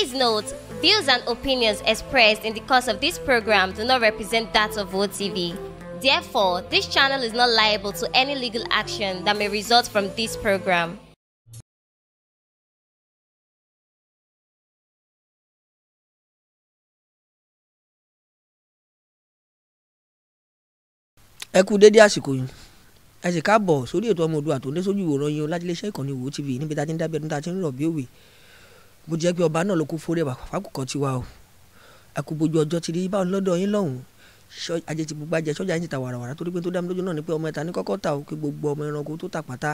Please note, views and opinions expressed in the course of this program do not represent that of OTV. Therefore, this channel is not liable to any legal action that may result from this program. ẹ kú dédé àsìkò yìí ẹ sì káàbọ̀ sórí ètò ọmọ Oòduà tó ń dé sójú ìwòran yín láti iléeṣẹ́ ìkànnì Wo TV níbi tá a ti ń dábẹ́ ẹ̀dún tá ń rọ̀ bí òwe bó jẹ́ pé ọba náà ló kó forí ẹ̀bà fákùkọ́ ti wá o àkùbójú ọjọ́ ti rí báwọn lọ́dọ̀ yín lọ́hùn ajé ti gbogbo ajé sọ́jà yín ti ta wàràwàrà torí pé tó dá mi lójú náà ni pé ọmọ ẹ̀ta ní kọ́kọ́ ta o kí gbogbo ọmọ ẹranko tó ta pátá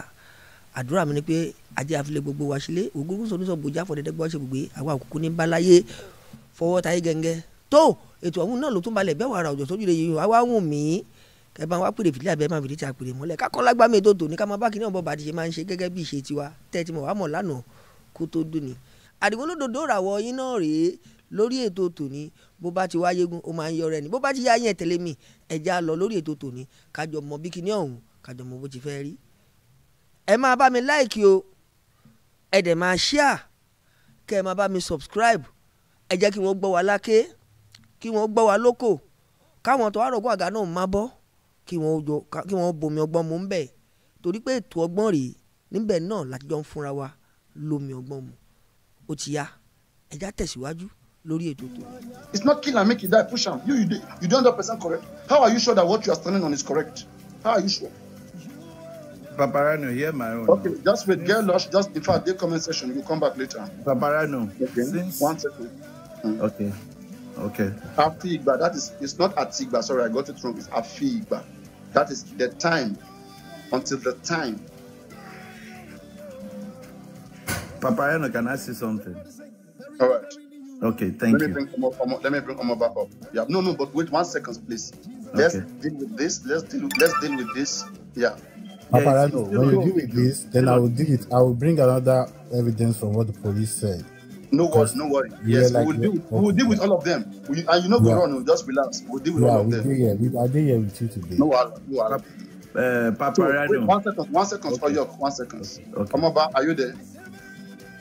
àdúrà mi ni pé ajé àfilẹ̀ gbogbo wa sílé ògúngún sọ ní sọ bòjá fọ̀dẹ̀dẹ̀ gbọ́ ṣe gbogbo àwọn àkùkù ní báláyé fọwọ́ tayé gẹ́ngẹ́ tó ètò ọ̀hún náà ló tún balẹ̀ bẹ́ẹ̀ wàrà òjò sójú lè yẹ wá wùn mí ẹ bá wá pèrè fìlà bẹ́ẹ̀ máa fìdí ta pèrè mọ́lẹ̀ kákọ́ lágbàmì ètò tòní ká máa bá kíní ọ̀bọ̀ bàdìṣe máa ń ṣe gẹ́gẹ́ bí ìṣe tiwa tẹ́ ti mọ̀ wá mọ̀ lánàá kó tó dùn ni àdìwólódodo ràwọ̀ yín náà rèé lórí ètò tòní bó bá ti wáyé gun ó máa ń yọrẹ ni bó bá ti yá ẹ lọ lórí ètò tòní kájọ mọ bí kinní ọ̀hún kájọ mọ bó ti fẹ́ rí. o ẹ dẹ̀ máa ṣíà kẹ́ ẹ máa mi subscribe ẹ jẹ́ kí wọ́n gbọ́ wa láké kí wọ́n gbọ́ wa lóko káwọn tó wá àga náà má bọ́ kí wọ́n bomi ọgbọ́n mu ń jọ ń fúnra wa ọgbọ́n mu. ó ti yá ẹja tẹ̀síwájú lórí ètò tó. it's not kill and make you die push am you you dey you dey hundred percent correct how are you sure that what you are standing on is correct how are you sure. Paparano, hear my own. Okay, just wait. Get lost. Just defer the comment section. you come back later. Paparano. Okay. Since... One second. Mm. Okay. Okay. Afigba. That is. It's not Atigba. Sorry, I got it wrong. It's Afigba. That is the time. Until the time Papayano, can I say something? All right. Okay, thank let you. Me bring Omo, let me bring Omo back up. Yeah, no, no, but wait one second, please. Let's okay. deal with this. Let's deal. With, let's deal with this. Yeah. Paparano, yeah, when you deal with this, then I will deal it. I will bring another evidence from what the police said. No worries, no worries. Yes, like we will deal. we will deal with all of them. We, and you know, yeah. go run. We'll just relax. We'll deal with yeah, all of them. Yeah, we, I did here with you today. No, I, no, I, uh, Paparano. So, wait, one second, one second, okay. Oyok, one second. Okay. back. are you there?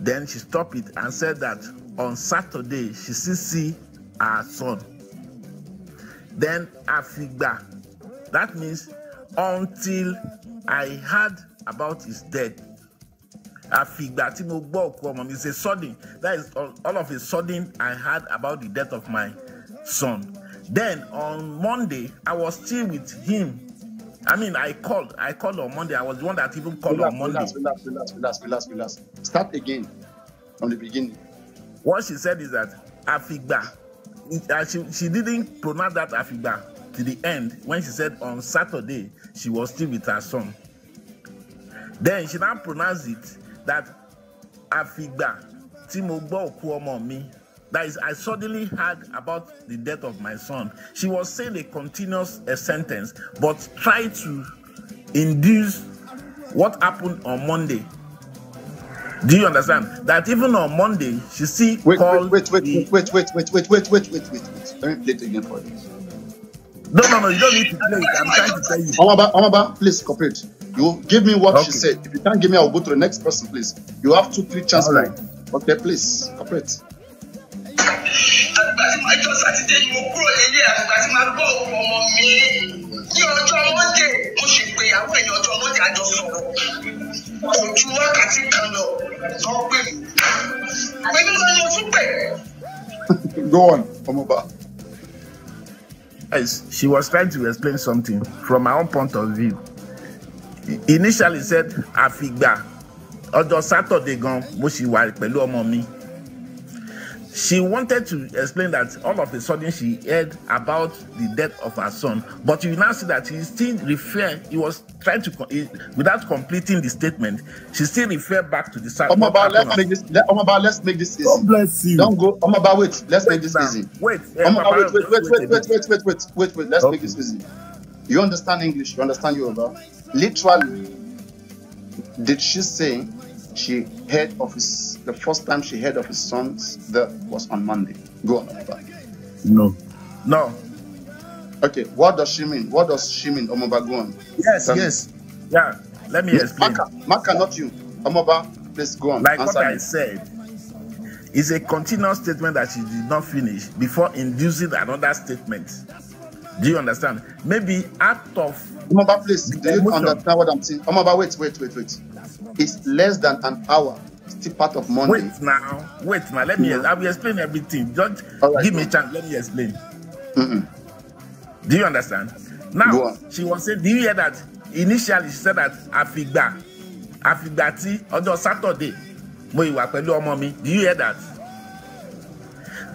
Then she stopped it and said that on Saturday she still see her son. Then Afigba, that means until I heard about his death. Afigba tí mo gbọ́ òkú ọmọ mi say sudden that is all of a sudden I heard about the death of my son. Then on Monday I was still with him I mean, I called. I called on Monday. I was the one that even called relax, on Monday. Relax, relax, relax, relax, relax, Start again from the beginning. What she said is that Afigba. Uh, she, she didn't pronounce that Afigba to the end when she said on Saturday she was still with her son. Then she now pronounced it that Afigba tí mo gbọ́ òkú ọmọ That is, I suddenly heard about the death of my son. She was saying a continuous a sentence, but try to induce what happened on Monday. Do you understand that even on Monday she see wait, wait wait wait, the... wait wait wait wait wait wait wait wait wait let me play it again for you. No no no you don't need to play it I'm trying to tell you. Omaba Omaba please cooperate you give me what okay. she said if you can't give me I'll go to the next person please you have two three chances. Right. Okay please cooperate. àgbà tí jọ sátidé ni mo kúrò nílé àgbà tí gbọ́ òkú ọmọ mi ní ọjọ́ mọ́ndé mo sì pé àwọn èèyàn ọjọ́ mọ́ndé àjọ sọ̀rọ̀ kò ju wákàtí kan lọ lọ pè mí pé nígbà ni mo tún pè. Go on ọmọba. Yes, she was trying to explain something from her own point of view. Initially said, àfìgbà ọjọ́ Saturday gan mo sì wà pẹ̀lú ọmọ mi. she wanted to explain that all of a sudden she heard about the death of her son, but you now see that he still refer. He was trying to he, without completing the statement. She still refer back to the side. Um, about, let's make this. Let, um, let's make this easy. God bless you. Don't go. Um, wait. Let's wait, make this now. easy. Wait. Uh, um, about, wait, wait, wait, wait, wait, wait, wait, wait, wait, wait. Let's okay. make this easy. You understand English. You understand Yoruba. Literally, did she say she heard of his, the first time she heard of his son's death was on Monday. Go on, Omoba. No. No. Okay, what does she mean? What does she mean, Omoba? Go on. Yes, Tell yes. Me. Yeah, let me yes, explain. Maka, Maka, not you. Omoba, please go on. Like Answer what me. I said, is a continuous statement that she did not finish before inducing another statement. Do you understand? Maybe out of. Omoba, please, do you understand what I'm saying? Omoba, wait, wait, wait, wait. is less than an hour. Still part of Monday. Wait now, wait now. Let me. Mm -hmm. I will explain everything. Just right, give me a chance. Let me explain. Mm -mm. Do you understand? Now she was saying, do you hear that? Initially she said that àfìgbà àfìgbà tí ọjọ́ Saturday mo ìwà pẹ̀lú ọmọ mi. Do you hear that?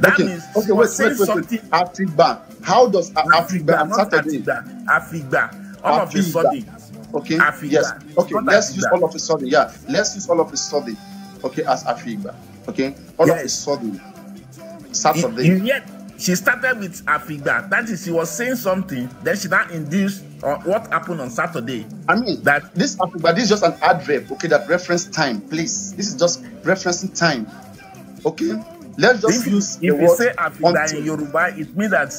That okay. means okay, she wait, was wait, saying wait, something. Àfìgbà. How does àfìgbà and Saturday? Àfìgbà. All of a sudden. Okay. Yes. Okay. let's use all of a sudden. Yeah. Let's use all of a sudden. Okay, as Afigba. Okay. All yes. of a sudden. Saturday. In, in yet she started with Afigba. That is, she was saying something. Then she now induced on uh, what happened on Saturday. I mean that this Afigba. This is just an adverb. Okay, that reference time, please. This is just referencing time. Okay. Let's just if, use. If you say Afigba in Yoruba, it means that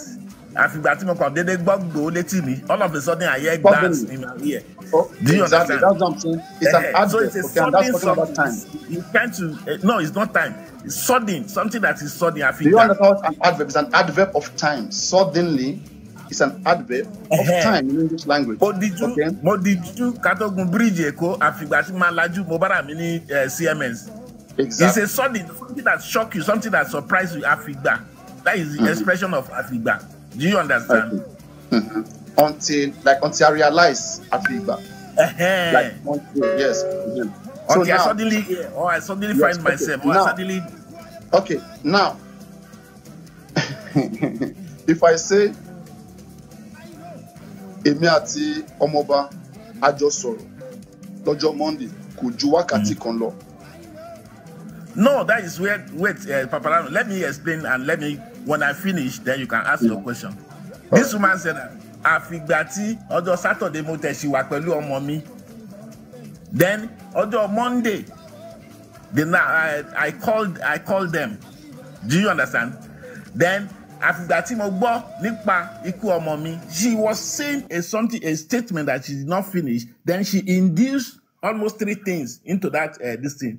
àfìgbà tí mo kàn déédé gbọ́gbó létí mi all of a sudden I hear gbans in my ear. Oh, Do you exactly. understand? It's an eh, eh, So it's a okay, sudden something. You can't to, uh, no, it's not time. It's sudden. Something that is sudden. I think. Do you understand an adverb? It's an adverb of time. Suddenly, it's an adverb of time in English language. Mo dijú okay? mo dijú katogun bíríìjì Èkó àfìgbà tí màá lajú mo bára mi ní CMS. Exactly. It's a sudden something that shock you something that surprise you àfìgbà that is the mm -hmm. expression of àfìgbà do you understand. Okay. Mm-hmm. until like until I realize Africa. Uh-huh. like until yes. Mm-hmm. So now, I suddenly yeah, or I suddenly yes, find okay. myself or now, I suddenly. Okay, now if I say èmi àti ọmọọba a jọ sọ̀rọ̀ lọ́jọ́ monday kò ju wákàtí mm. kan lọ. no that is where wait uh, papalano let me explain and let me When I finish, then you can ask your question. This woman said that àfìgbà tí Saturday mo she ṣì wà pẹ̀lú ọmọ mi. Then ọjọ́ Monday, then I, uh, I called I called them. Do you understand? Then àfìgbà tí mo gbọ́ nípa ikú ọmọ mi, she was saying a something a statement that she did not finish. Then she induced almost three things into that uh, this thing.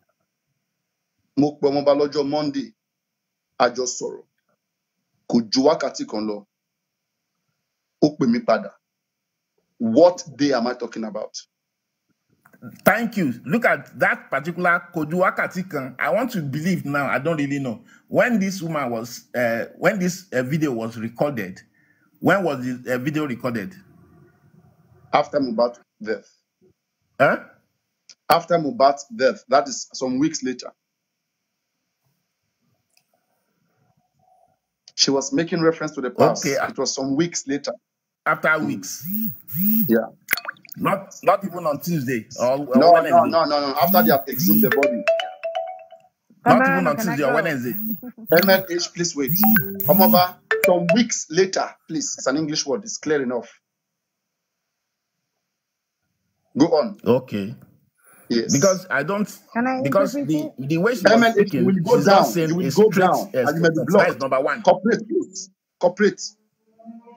mo pe ọmọọba lọ́jọ́ monday a jọ sọ̀rọ̀ kò ju wákàtí kan lọ ó pè mí padà what day am I talking about. Thank you. Look at that particular Koju Wakati Kan. I want to believe now. I don't really know when this woman was, uh, when this uh, video was recorded. When was the uh, video recorded? After Mubat's death. Huh? After Mubat's death. That is some weeks later. She was making reference to the past. Okay. It was some weeks later. After weeks. Yeah. Not not even on Tuesday or, or no, No, no, no, no. After they have exhumed the body. Not even on Tuesday or Wednesday. MNH, please wait. Come over. some weeks later, please. It's an English word. It's clear enough. Go on. Okay. Yes. Because I don't. Can I because the, the way she was speaking, will go down. It will go strict, down. And number one. Corporate, corporate.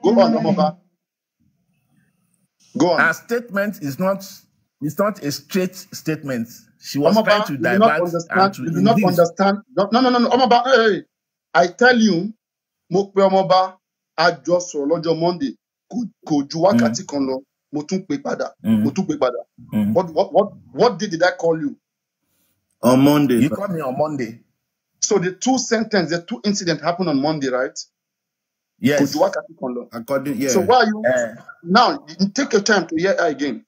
Go mm. on, hmm. Omoba. Go on. Her statement is not. It's not a straight statement. She was Omoba, trying to divert. And to you do not understand. No, no, no, no. Omoba, hey, I tell you, mo pe Omoba, a jọ sọ̀rọ̀ lọ́jọ́ could Kò ju wákàtí hmm. kan lọ. mo tún pè padà mo tún pè padà what what what what did I call you? On Monday. You called me on Monday. So the two sentence, the two incident happened on Monday, right? Yes. According, yeah. So why are you uh, now? Take your time to hear again.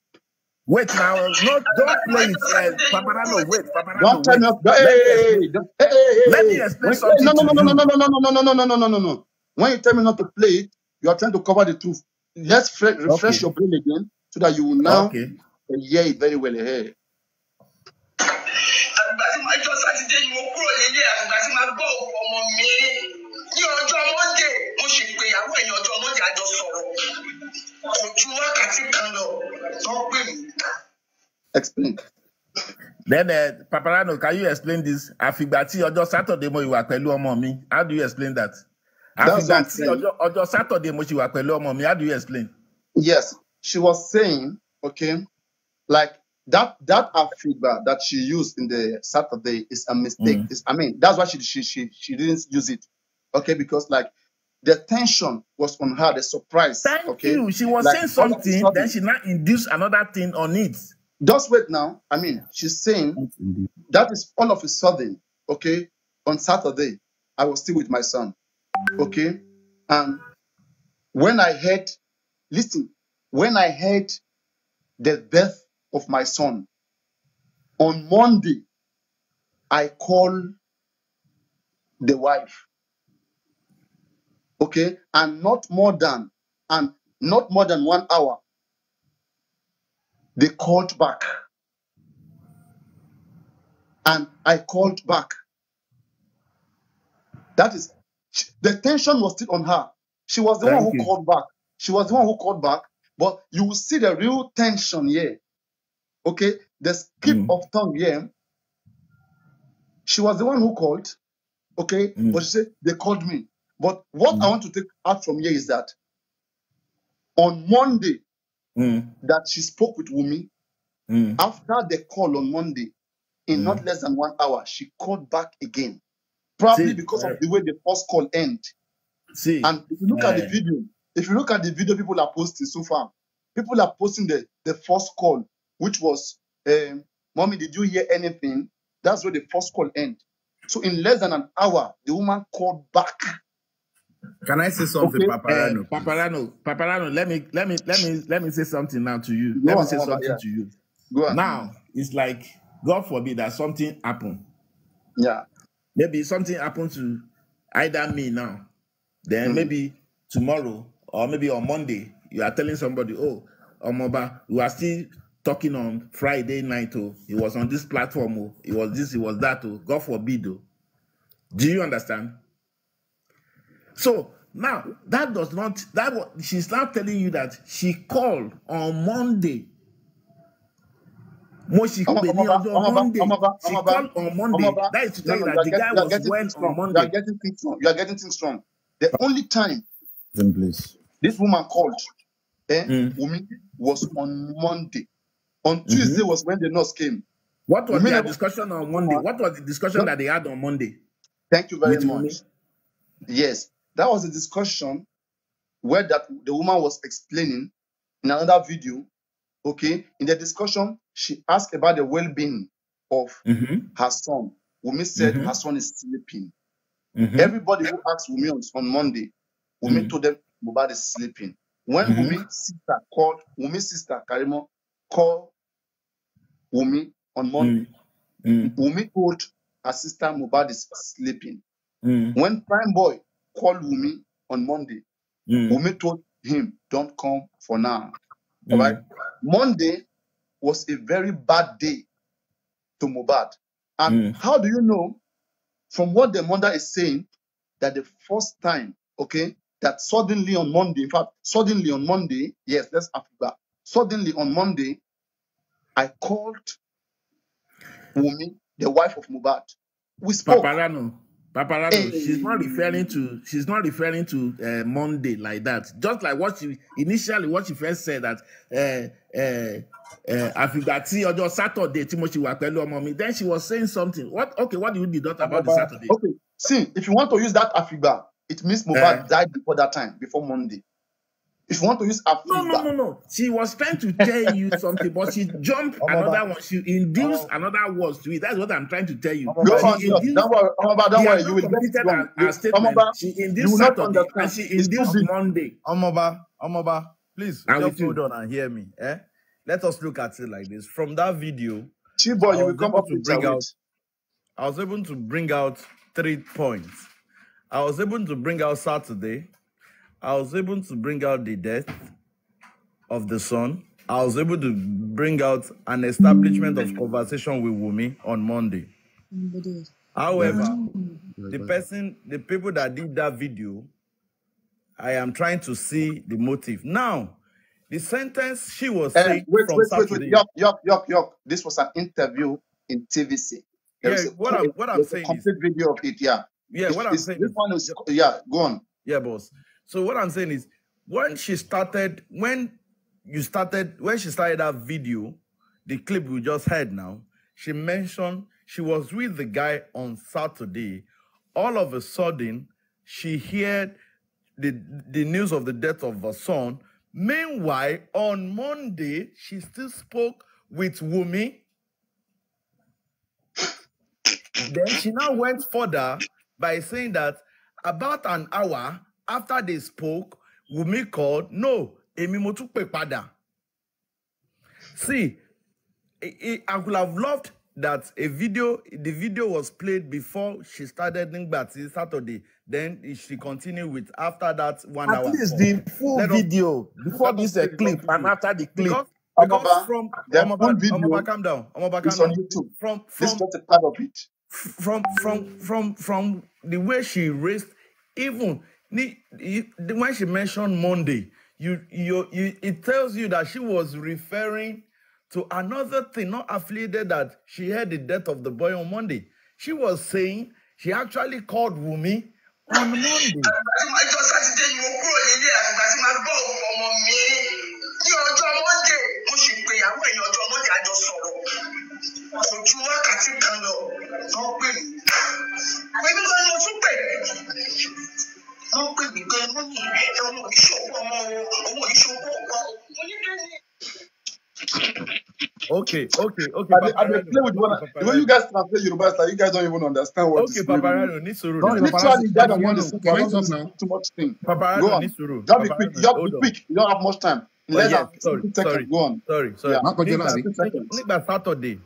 Wait now, not don't play it, uh, Paparano. Wait, Paparano. Don't tell me. Hey, hey, hey, hey, Let me explain something. No, no, no, no, no, no, no, no, no, no, no, no, no, no, no. When you tell me not to play it, you are trying to cover the truth. let's refresh okay. your brain again so that you will now okay. Eh, hear it very well ahead. explain. Then uh, Paparano, can you explain this? Àfìgbà tí ọjọ́ Saturday mo ìwà pẹ̀lú ọmọ mi. How do you explain that? àfìgbà tí on Saturday mo ṣì wà pẹ̀lú ọmọ mi how do you explain. yes she was saying okay like that that afiba that she used in the Saturday is a mistake. Mm. It's, I mean, that's why she, she she she didn't use it. Okay, because like the tension was on her, the surprise. Thank okay? you. She was like, saying something, then she now induce another thing on it. Just wait now. I mean, she's saying that is all of a sudden, okay, on Saturday, I was still with my son. Okay. And when I heard, listen, when I heard the death of my son, on Monday, I called the wife. Okay. And not more than, and not more than one hour, they called back. And I called back. That is the tension was still on her. She was the Thank one who you. called back. She was the one who called back. But you will see the real tension here. Okay, the skip mm. of tongue here. She was the one who called. Okay, mm. but she said they called me. But what mm. I want to take out from here is that on Monday mm. that she spoke with Wumi, mm. after the call on Monday, in mm. not less than one hour, she called back again. Probably see, because of the way the first call end. See. And if you look at the video, if you look at the video people are posting so far, people are posting the, the first call, which was, um, Mommy, did you hear anything? That's where the first call end. So in less than an hour, the woman called back. Can I say something, okay. Paparano? Uh, Paparano, Paparano, let me let me let me let me say something now to you. Go let on, me say something yeah. to you. Go Now it's like God forbid that something happened. Yeah maybe something happened to either me now, then mm. maybe tomorrow or maybe on Monday, you are telling somebody, oh, Omoba, you are still talking on Friday night. Oh, he was on this platform. Oh, it was this, it was that. Oh, God forbid. Oh. Do you understand? So now that does not that she's now telling you that she called on Monday Mo could be on Monday. She called on Monday. That is to tell you that the guy was well on Monday. You are getting things wrong. You are getting things wrong. The only time then please. this woman called eh, mm. Umi was on Monday. On mm-hmm. Tuesday mm-hmm. was when the nurse came. What was the discussion on Monday? What was the discussion that they had on Monday? Thank you very much. Umi? Yes, that was a discussion where that the woman was explaining in another video. Okay, in the discussion, she asked about the well-being of mm-hmm. her son. Wumi said mm-hmm. her son is sleeping. Mm-hmm. Everybody who asked Wumi on, on Monday, Wumi mm-hmm. told them Mubad is sleeping. When mm Wumi's sister called, Wumi's sister Karimo called Wumi on Monday. Mm. mm. Wumi told her sister Mubad is sleeping. Mm. When Prime Boy called Wumi on Monday, mm. Wumi told him, Don't come for now. Mm. All right. Monday, was a very bad day to Mubad. And mm. how do you know from what the mother is saying that the first time, okay, that suddenly on Monday, in fact, suddenly on Monday, yes, that's Africa. Suddenly on Monday, I called Wumi, the wife of Mubad. We spoke. Paparano. Paparazzo, she's not referring to she's not referring to uh, Monday like that. Just like what she initially what she first said that eh, eh, àfìgbà tí ọjọ́ Saturday tí mo ṣe wà pẹ̀lú ọmọ mi then she was saying something. What okay, what do you deduct about the Saturday? Okay, see, if you want to use that àfìgbà, it means Mubarak uh, died before that time, before Monday. If you want to use Africa. No, no, no, no. She was trying to tell you something, but she jumped another one. She induced another words to it. That's what I'm trying to tell you. Oh, she on, induced, don't worry, Amaba, don't worry. You will get it wrong. Her, her statement. she induced you Saturday understand. and she induced it's Monday. Amaba, Amaba, please and just hold on and hear me. Eh? Let us look at it like this. From that video, boy, you will come up to bring out. I was able to bring out three points. I was able to bring out Saturday. I was able to bring out the death of the son. I was able to bring out an establishment of mm. conversation with Wumi on Monday. However, mm. the person, the people that did that video, I am trying to see the motive. Now, the sentence she was uh, saying wait, from wait, Saturday. Wait, wait. Yup, yup, yup, yup. This was an interview in TVC. There yeah, a, what I'm, what I'm saying complete is... video of it, yeah. Yeah, it's, what I'm saying... This one is... Yeah, go on. Yeah, boss. So what I'm saying is, when she started, when you started, when she started that video, the clip we just heard now, she mentioned she was with the guy on Saturday. All of a sudden, she heard the, the news of the death of her son. Meanwhile, on Monday, she still spoke with Wumi. then she now went further by saying that about an hour after they spoke Wunmi called no èmi mo tún pè see I, I would have loved that a video the video was played before she started nígbà Saturday then she continued with after that one at hour. at least the full Let video us, before this uh, clip and after the clip. Because because Omaba, from Omaba, video Omaba, calm down. Omaba, calm down. YouTube. From from this a part of it. From from from from the way she raised, even when she mentioned Monday, you, you, you, it tells you that she was referring to another thing, not affiliated that she heard the death of the boy on Monday. She was saying she actually called Wumi on Monday. ojú wákàtí wọ́n pè mí pé mọ́mí ẹ ọmọ yìí ọmọ o ọmọ yìí ọmọ Okay, okay, okay. I, I, I play with one. The way you guys translate Yoruba style, you guys don't even understand what. Okay, Paparano, Nisuru. No, literally, that one is too much thing. Paparano, Nisuru. You have to be quick. You be quick. You don't have much time. Let's oh, have sorry, sorry, go on. Sorry, sorry. Nígbà Saturday,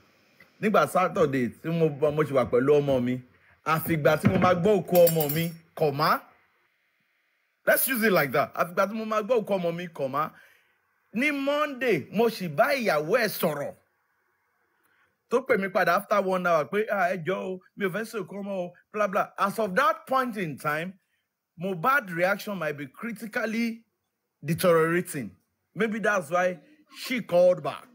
nígbà Saturday tí mo mo ṣe wà pẹ̀lú ọmọ mi, àfìgbà tí mo máa gbọ́ òkú ọmọ mi, kọ̀ máa. let's use it like that àfìgbà tí mo máa go come, ọmọ me, kàn ní monday mo sì ya ìyàwó ẹ̀ sọ̀rọ̀ tó pè mí padà after one hour quick, ah, ẹ jọ me mi come fẹ́ Blah blah. as of that point in time bad reaction might be critically deteriorating maybe that's why she called back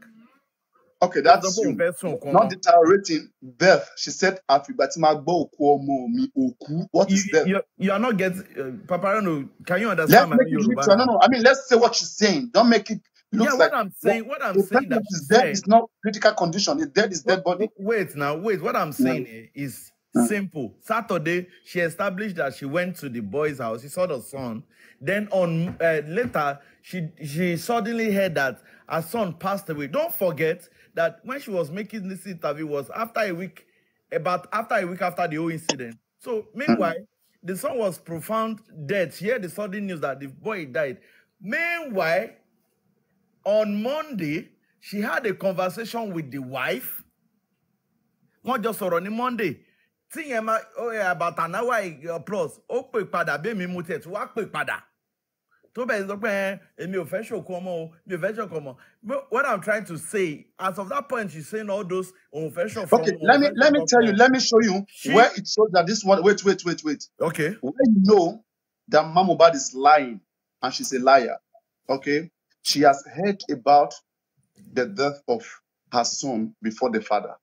Okay, that's you. Not deteriorating death. She said, "Àfìgbà tí màá gbọ́ òkú ọmọ mi, òkú." What is that? death? You, are not getting. Uh, know. can you understand? Let's make it No, no. I mean, let's say what she's saying. Don't make it. Looks yeah, what like, I'm saying, what, I'm saying that is dead is not critical condition. If dead is dead body. Wait now, wait. What I'm saying yeah. is simple. Saturday, she established that she went to the boy's house. She saw the son. Then on uh, later, she she suddenly heard that her son passed away. Don't forget, that when she was making this interview was after a week, about after a week after the whole incident. So meanwhile, the son was profound death. Here the sudden news that the boy died. Meanwhile, on Monday, she had a conversation with the wife. Not just on Monday. Tí yẹn máa eh, about an hour plus, ó pè padà bẹ́ẹ̀ mi mú tẹ̀ tí wọ́n tó sọ èmi ò fẹ́ ṣòkun ọmọ o mi ò fẹ́ ọmọ what i'm trying to say as of that point she's saying all those official. fẹ́ okay let me let me tell you let me show you she, where it shows that this one wait wait wait wait. okay. where you know that Mamubad is lying and she's a liar okay she has heard about the death of her son before the father.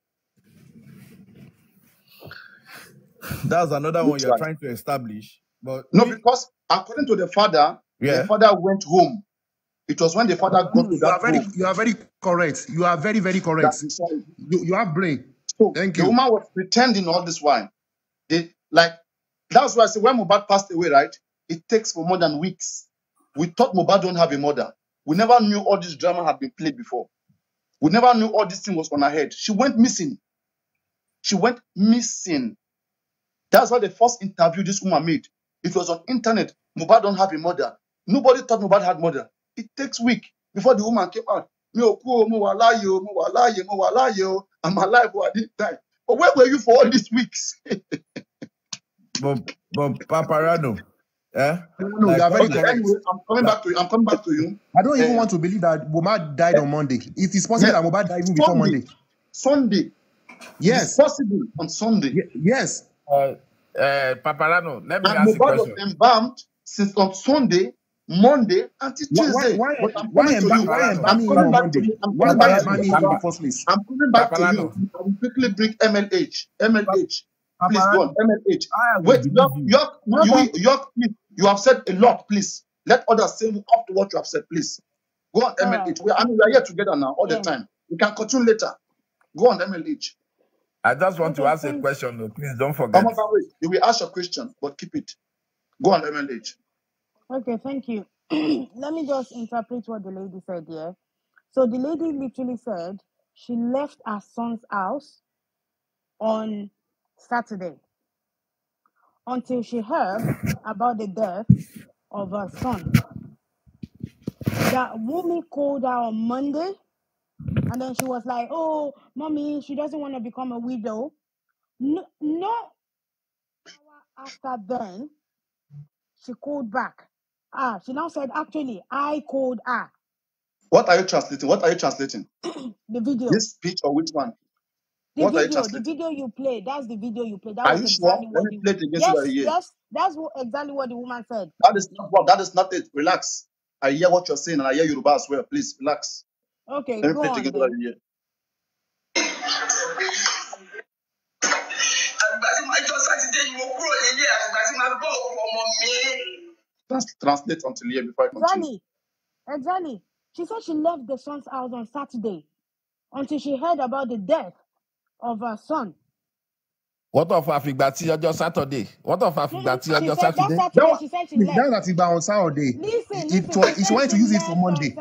That's another one you're trying to establish. But no, because according to the father, yeah. The father went home. It was when the father got you are very, home. You are very correct. You are very, very correct. You, you have brain. So Thank the you. woman was pretending all this while. They, like, that's why I say when Mubad passed away, right? It takes for more than weeks. We thought Mubad don't have a mother. We never knew all this drama had been played before. We never knew all this thing was on her head. She went missing. She went missing. That's why the first interview this woman made. It was on internet. Mubad don't have a mother. nobody thought Mohbad had murder it takes week before the woman came out mi ò kú o mo wà láàyè o mo wà láàyè mo wà láàyè o i'm alive o i didn't die but where were you for all these weeks. but but paparano. yeah. No, no, like, you are very correct. Anyway, I'm coming back to you. I'm coming back to you. I don't even uh, want to believe that Mohbad died on Monday. It is possible yeah, that Mohbad died even before Monday. Sunday. Yes. It's possible on Sunday. Y- yes. Uh, uh, Paparano, let me and ask Mohbad you a question. was embalmed since on Sunday Monday until Tuesday. Why, why, why, why, why, am I coming back to Monday. I'm coming back to you. I'm coming back to you. I will quickly bring MLH. MLH. Please go on. MLH. Wait, York, York, you, please. You have said a lot, please. Let others say up to what you have said, please. Go on, MLH. Ah. We, I are here together now all the time. We can continue later. Go on, MLH. I just want to ask a question, please don't forget. you will ask a question, but keep it. Go on, MLH. Okay, thank you. Let me just interpret what the lady said here. So the lady literally said she left her son's house on Saturday until she heard about the death of her son. That woman called her on Monday and then she was like, Oh, mommy, she doesn't want to become a widow. No, no. After then, she called back Ah, she now said, actually, I called ah." What are you translating? What are you translating? the video. This speech or which one? The what video, the video you played. That's the video you played. That are you exactly sure? Let me play it against yes, you Yes, that's what, exactly what the woman said. That is not what. That is not it. Relax. I hear what you're saying, and I hear Yoruba as well. Please relax. Okay, Let me go play on, it together here. àgbà trans- translate until here before I continue. Exactly. Eh, she said she left the son's house on Saturday until she heard about the death of her son. What of Afigbati just Saturday? What of Afigbati just Saturday? That Saturday? That, she said she left. on Saturday. Listen, it, she wanted to use it for Monday.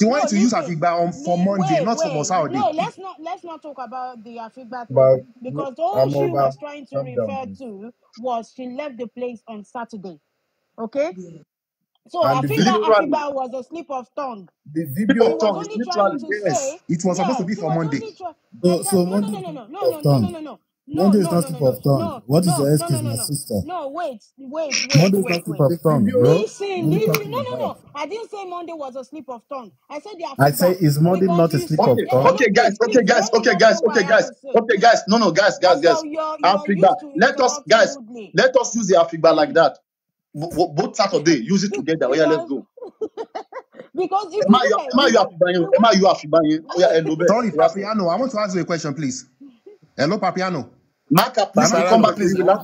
She wanted to use Afigba on for Monday, not for Saturday. No, let's not let's not talk about the Afigba because all she was trying to refer to was she left the place on Saturday. Okay. So and I think that Akiba was a slip of tongue. The video of tongue is literally yes. it was supposed to be for Monday. so, so no, no, no, no, no, no, no, no, no. Monday is not slip of tongue. What is your excuse, my sister? No, wait, wait, wait. Monday is not slip of tongue, bro. Listen, listen. No, no, no. I didn't say Monday was a slip of tongue. I said the. I say is Monday not a slip of tongue? Okay, guys. Okay, guys. Okay, guys. Okay, guys. Okay, guys. No, no, guys, guys, guys. Africa. Let us, guys. Let us use the Africa like that both Saturday, use it together. Oh yeah, let's go. because if you, Emma, you are Banyo. Emma, you have Banyo. Oh yeah, Enobe. Sorry, Papiano. I want to ask you a question, please. Hello, Papiano. Maka, please, we'll come back to you. We'll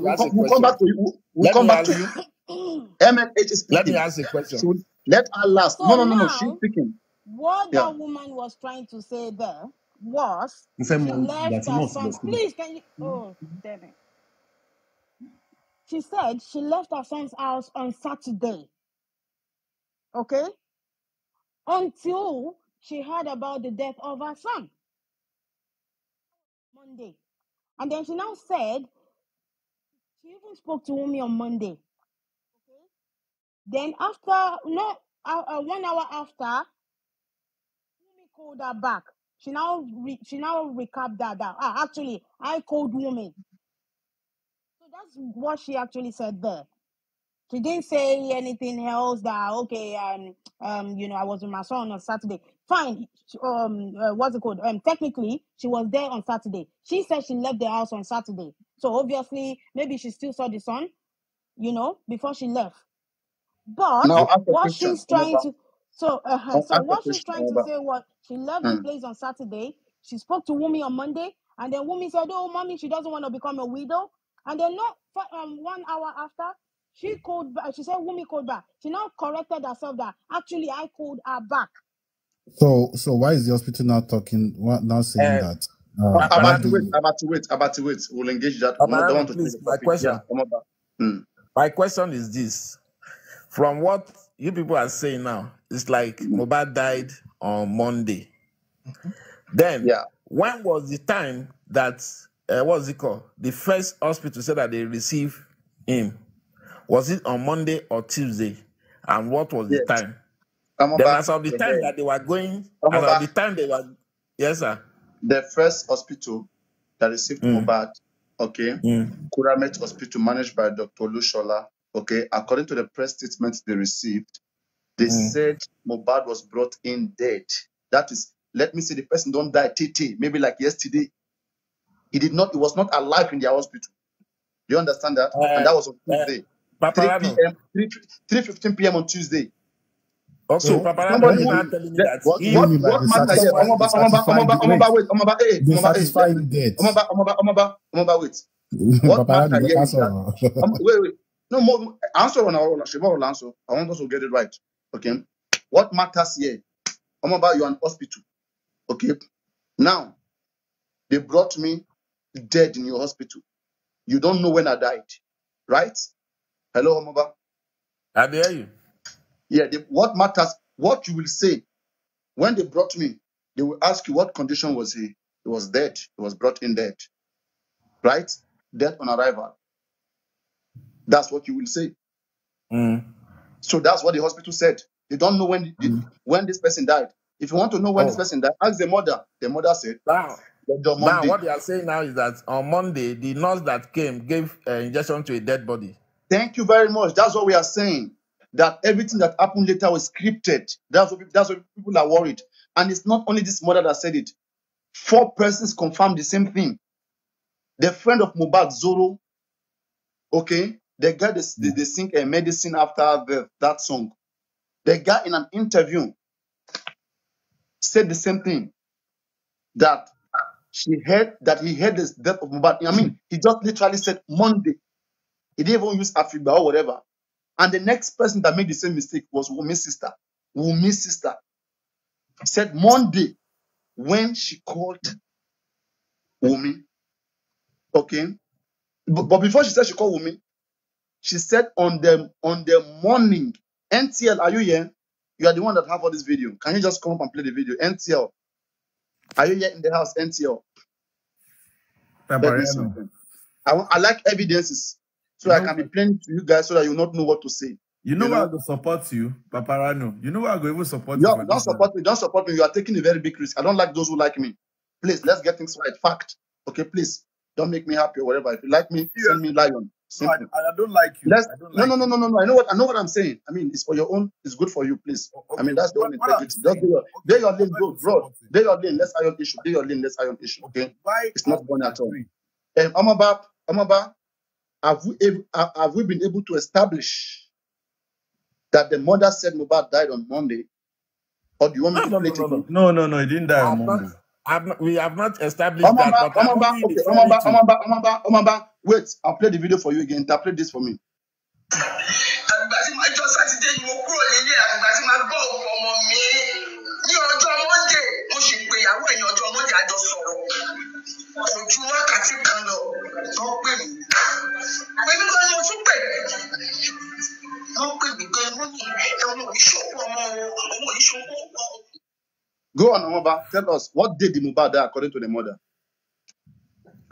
come back to you. We'll come back to you. MNH is speaking. Let me ask a question. let her last. So no, no, no, no. She's speaking. What yeah. that woman was trying to say there was, she left her son. Please, can you? Oh, damn it. She said she left her son's house on Saturday. Okay? Until she heard about the death of her son. Monday. And then she now said she even spoke to Umi on Monday. Okay. Then after no uh, uh, one hour after, Umi called her back. She now re- she now recapped that, that ah, actually I called Umi that's what she actually said there. She didn't say anything else that okay, um, um, you know, I was with my son on Saturday. Fine, um, uh, what's it called? Um, technically, she was there on Saturday. She said she left the house on Saturday, so obviously, maybe she still saw the son, you know, before she left. But no, uh-huh, what she's trying to, so, uh, no, so what she's trying to say was she left mm. the place on Saturday. She spoke to Wumi on Monday, and then Wumi said, "Oh, mommy, she doesn't want to become a widow." And then not um, one hour after, she called back. She said, Wumi called back. She now corrected herself that actually I called her back. So, so why is the hospital not talking, what, not saying uh, that? Uh, about to wait, about to wait, about to wait. We'll engage that. Amara, don't please, my question. Yeah, mm. My question is this: From what you people are saying now, it's like mm. Mobad died on Monday. Mm-hmm. Then, yeah. when was the time that uh, what's it called? The first hospital said that they received him. Was it on Monday or Tuesday? And what was yes. the time? then as of the time okay. that they were going, as of the time they were, yes, sir. The first hospital that received mm. Mobad, okay, mm. Kuramet Hospital, managed by Dr. Lushola, okay, according to the press statements they received, they mm. said Mobad was brought in dead. That is, let me see. the person don't die TT, maybe like yesterday he did not, he was not alive in the hospital. Do you understand that? Uh, and that was on uh, Tuesday. Uh, 3 p.m. 3, 15 p.m. on Tuesday. Okay. So, Paparano is not telling me that. What, what, what matter here? Eh, eh, eh, Omaba, Omaba, Omaba, Omaba, wait. Omaba, eh. Omaba, eh. Omaba, Omaba, Omaba, Omaba, wait. What matter here is um, Wait, wait. No, more, answer on our Shiva will answer. I want us to get it right. Okay. What matters here? I'm about you're an hospital. Okay. Now, they brought me dead in your hospital. You don't know when I died, right? Hello, Omoba. I hear you. Yeah, the, what matters, what you will say. When they brought me, they will ask you what condition was he? He was dead. He was brought in dead, right? Dead on arrival. That's what you will say. Mm. So that's what the hospital said. They don't know when mm. when this person died. If you want to know when oh. this person died, ask the mother. The mother said, wow. Now, what they are saying now is that on Monday, the nurse that came gave uh, injection to a dead body. Thank you very much. That's what we are saying. That everything that happened later was scripted. That's what, that's what people are worried. And it's not only this mother that said it. Four persons confirmed the same thing. The friend of Mubarak Zoro, okay, the guy they, they, they sing a uh, medicine after the, that song. The guy in an interview said the same thing that she heard that he heard the death of Mubarak. I mean, he just literally said Monday. He didn't even use Africa or whatever. And the next person that made the same mistake was Wumi's sister. Wumi's sister said Monday when she called Wumi. Okay. But, but before she said she called Wumi, she said on the on the morning, NTL, are you here? You are the one that have all this video. Can you just come up and play the video? NTL. Are you here in the house, NTL? That I, I like evidences so you I can be plain to you guys so that you not know what to say. You know, you know? I go support you, Paparano. You know I go even support you. Don't support me. Don't support me. You are taking a very big risk. I don't like those who like me. Please, let's get things right. Fact. Okay, please. Don't make me happy or whatever. If you like me, yeah. send me lion. No, I, I, don't like you. Let's, don't like no, no, no, no, no, I know what I know what I'm saying. I mean, it's for your own. It's good for you, please. Okay. I mean, that's the only integrity. Just do your, okay. do your lane, bro, bro. Do your lane. Let's iron issue. Do your lane. Let's iron issue. Okay. Why it's not going at all. Um, Amaba, Amaba, have we have we been able to establish that the mother said Mubad died on Monday? Or do you want me to play no, no, no, no, no, he didn't die on Monday. I've not, we have not established Omamba, that. But Omamba, okay, Omamba, Omamba, Omamba, Omamba, wait, I'll play the video for you again. Interpret this for me. Àgbà tí Go on, Amaba. Tell us what did the Mubad die according to the mother?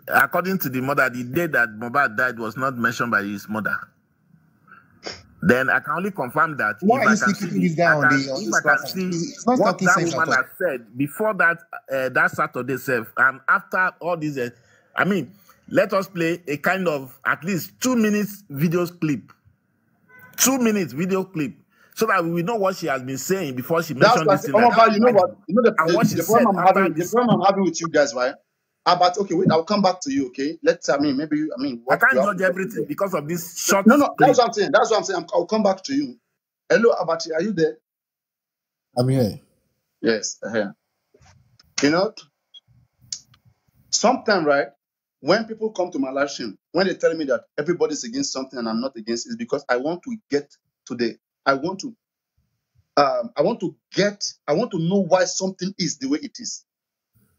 According to the mother, the day that Mubad died was not mentioned by his mother. Then I can only confirm that. Why if is I can see, this guy on the, on if I can see not what that woman has said before that uh, that Saturday self and after all this, uh, I mean, let us play a kind of at least two minutes video clip, two minutes video clip so that we know what she has been saying before she mentioned this. Like, oh, you know what? You know the, the, what the, problem, I'm having, the problem I'm having with you guys, right? Ah, but okay, wait, I'll come back to you, okay? Let's, I mean, maybe, I mean, I can't judge everything because of this short. No, no, that's what I'm saying. That's what I'm saying. i will come back to you. Hello, Abati, are you there? I'm here. Yes, here. Uh-huh. You know, sometimes, right, when people come to my live stream, when they tell me that everybody's against something and I'm not against, it's because I want to get to the I want to um, I want to get, I want to know why something is the way it is.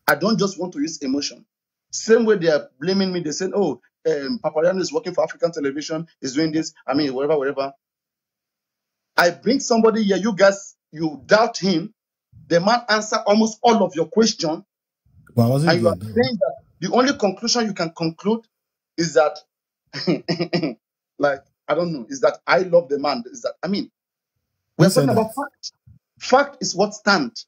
I don't just want to use emotion. Same way they are blaming me, they say, oh, um, is working for African television, is doing this, I mean, whatever, whatever. I bring somebody here, you guys, you doubt him, the man answer almost all of your question. Well, and you are saying that the only conclusion you can conclude is that, like, I don't know, is that I love the man. Is that, I mean, we're talking about fact. Fact is what stands.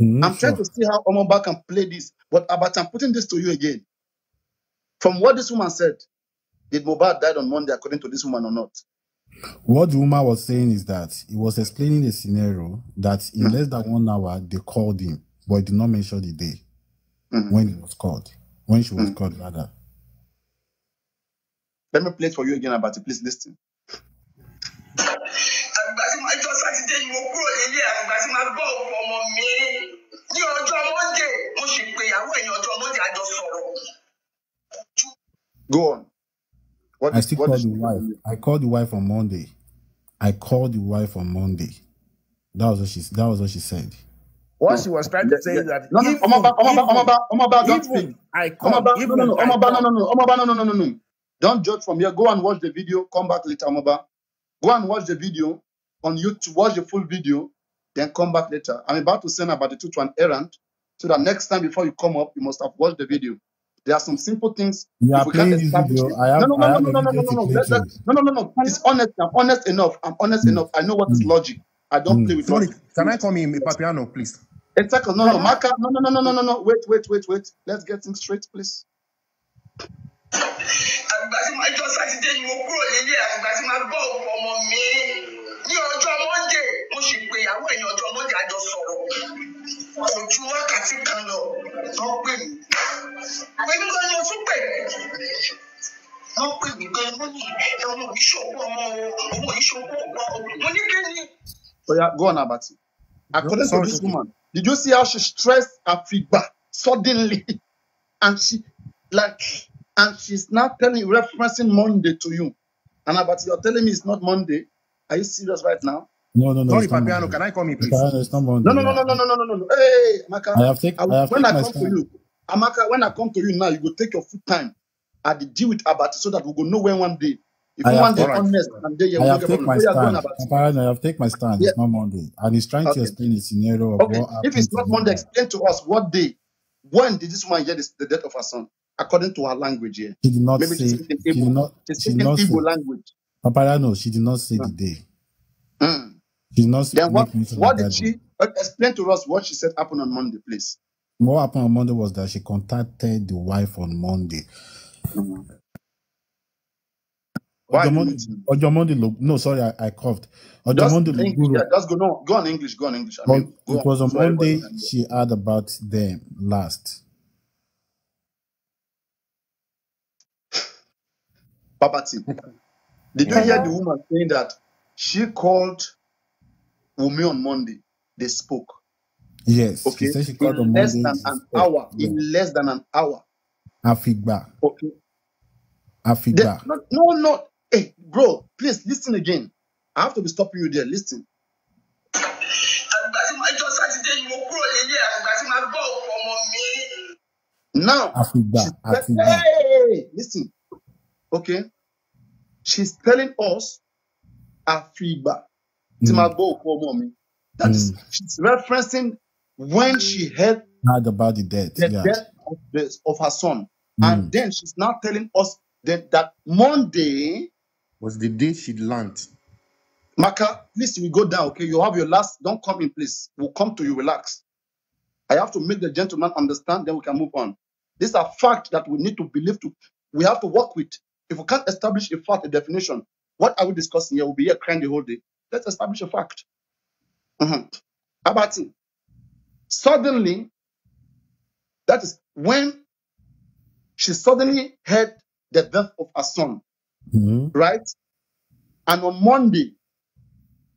Mm, I'm sure. trying to see how Omomba can play this, but about I'm putting this to you again. From what this woman said, did Mobad died on Monday according to this woman or not? What the woman was saying is that he was explaining the scenario that in mm less than one hour they called him, but he did not mention the day mm -hmm. when he was called, when she was mm. called rather. Let me play it for you again, Abati. Please listen. ọjọ́ Monday mo sì pé ìyàwó ẹ̀yìn ọjọ́ Monday àjọ sọ̀rọ̀. Go on. What I still called the wife. I called the wife on Monday. I called the wife on Monday. That was what she. That was what she said. What no. she was trying to say yeah. is that no, no, even, Omaba, Omaba, Omaba, Omaba, don't speak. I come, Omaba, no, no, no, no, no, Omaba, no, no, no, no, no. Don't judge from here. Go and watch the video. Come back later, Omaba. Go and watch the video on YouTube. Watch the full video then come back later. I'm about to send about Abaditu to an errand so that next time before you come up, you must have watched the video. There are some simple things. You if are playing this video. I have, no, no, I have no, no, no, no, no, no, no, no, no, no, no, no, no. It's honest. I'm honest enough. I'm honest mm. enough. I know what mm. is logic. I don't mm. play with Sorry, logic. Can I come in, Papiano, please? Exactly. No, no, Maka. No, no, no, no, no, no, no. Wait, wait, wait, wait. Let's get things straight, please. àgbà tí máa jọ sátidé yìí mo kúrò nílé àgbà tí máa gbọ́ ọ̀pọ̀ ọmọ mi. ní ọjọ́ mọ́ndé mo sì pé ìyàwó ẹ̀yìn ọjọ́ mọ́ndé àjọ sọ̀rọ̀ kò ju wákàtí kan lọ wọ́n pè mí pé nígbà ni mo tún pè wọ́n pè mí gan mo ní ẹ̀wọ̀n ìṣòwò ọmọ owó ìṣòwò ọgbà mo ní kí ni. oya go on Abati according to this woman did you see how she stressed her suddenly and she like and she's now telling referencing Monday to you and Abati you're telling me it's not Monday. Are you serious right now? No, no, no. Sorry, Fabiano, can I call me please? It's not no, no, no, no, no, no, no, no, no. Hey, Amaka. I have taken. I have when I come to you, Amaka, when I come to you now, you go take your full time and deal with Abati so that we go know when one day. If I one day right. I have taken my stand. Apparently, I have taken my stand. It's not Monday, and he's trying okay. to explain the scenario of okay. what If it's not Monday, explain to us what day, when did this woman hear this, the death of her son, according to her language here? She did not Maybe say. She did not. She did not say. language. I no, she did not say hmm. the day. Mm. She did not. Then what? What did she uh, explain to us? What she said happened on Monday, please. What happened on Monday was that she contacted the wife on Monday. Mm-hmm. Why? Ojo Monday, Ojo Monday no, sorry, I, I coughed. Ojo just Monday yeah, just go, no, go on English, go on English. I mean, go it was on, on Monday she heard about them last. Papa T. Did you hear the woman saying that she called Wumi on Monday? They spoke. Yes. Okay. She said she called in on less Monday, than an spoke. hour. Yeah. In less than an hour. Afigba. Okay. Afigba. No, no, no. Hey, bro, please listen again. I have to be stopping you there. Listen. Now, Afigba. Afigba. Hey, listen. Okay. she's telling us her feedback. Mm. That is, mm. she's referencing when she heard not about the death, the yeah. death of, of, her son. Mm. And then she's now telling us that, that Monday was the day she learned. Maka, please, we go down, okay? You have your last, don't come in, please. We'll come to you, relax. I have to make the gentleman understand, then we can move on. These are facts that we need to believe to, we have to work with. If we can't establish a fact, a definition, what are we discussing here? We'll be here crying the whole day. Let's establish a fact. Mm-hmm. About it. Suddenly, that is when she suddenly heard the death of her son, mm-hmm. right? And on Monday,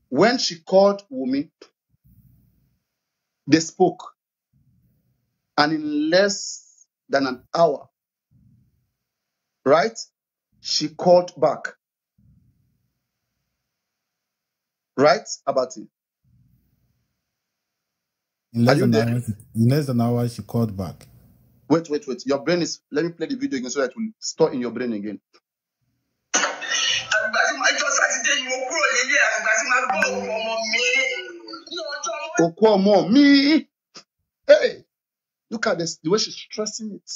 when she called Wumi, they spoke. And in less than an hour, right? she called back. Right, Abati? In less, than, Hour, in less than an hour, she called back. Wait, wait, wait. Your brain is. Let me play the video again so that it will store in your brain again. Òkú ọmọ mi. Hey, look at this, the way she's stressing it.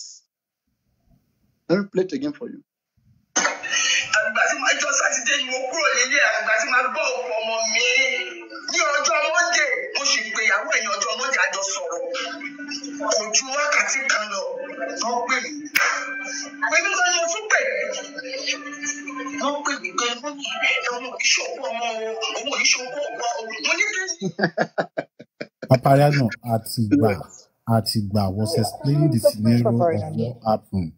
Let me play it again for you àgbà tí màá jọ sátidé ni mo kúrò nílé àgbà tí màá gbọ́ ọmọ mi ní ọjọ́ mọ́ndé mo sì pé ìyàwó ẹ̀yìn ọjọ́ mọ́ndé àjọ sọ̀rọ̀ kò wákàtí kan lọ wọ́n pè mí pé nígbà tí mo tún pè wọ́n pè mí pé wọ́n ní ẹ̀wọ̀n ìṣòwò ọmọ òun ìṣòwò ọ̀pọ̀ mo ní kí. Aparano àtìgbà àtìgbà was explaining the scenario of what happened.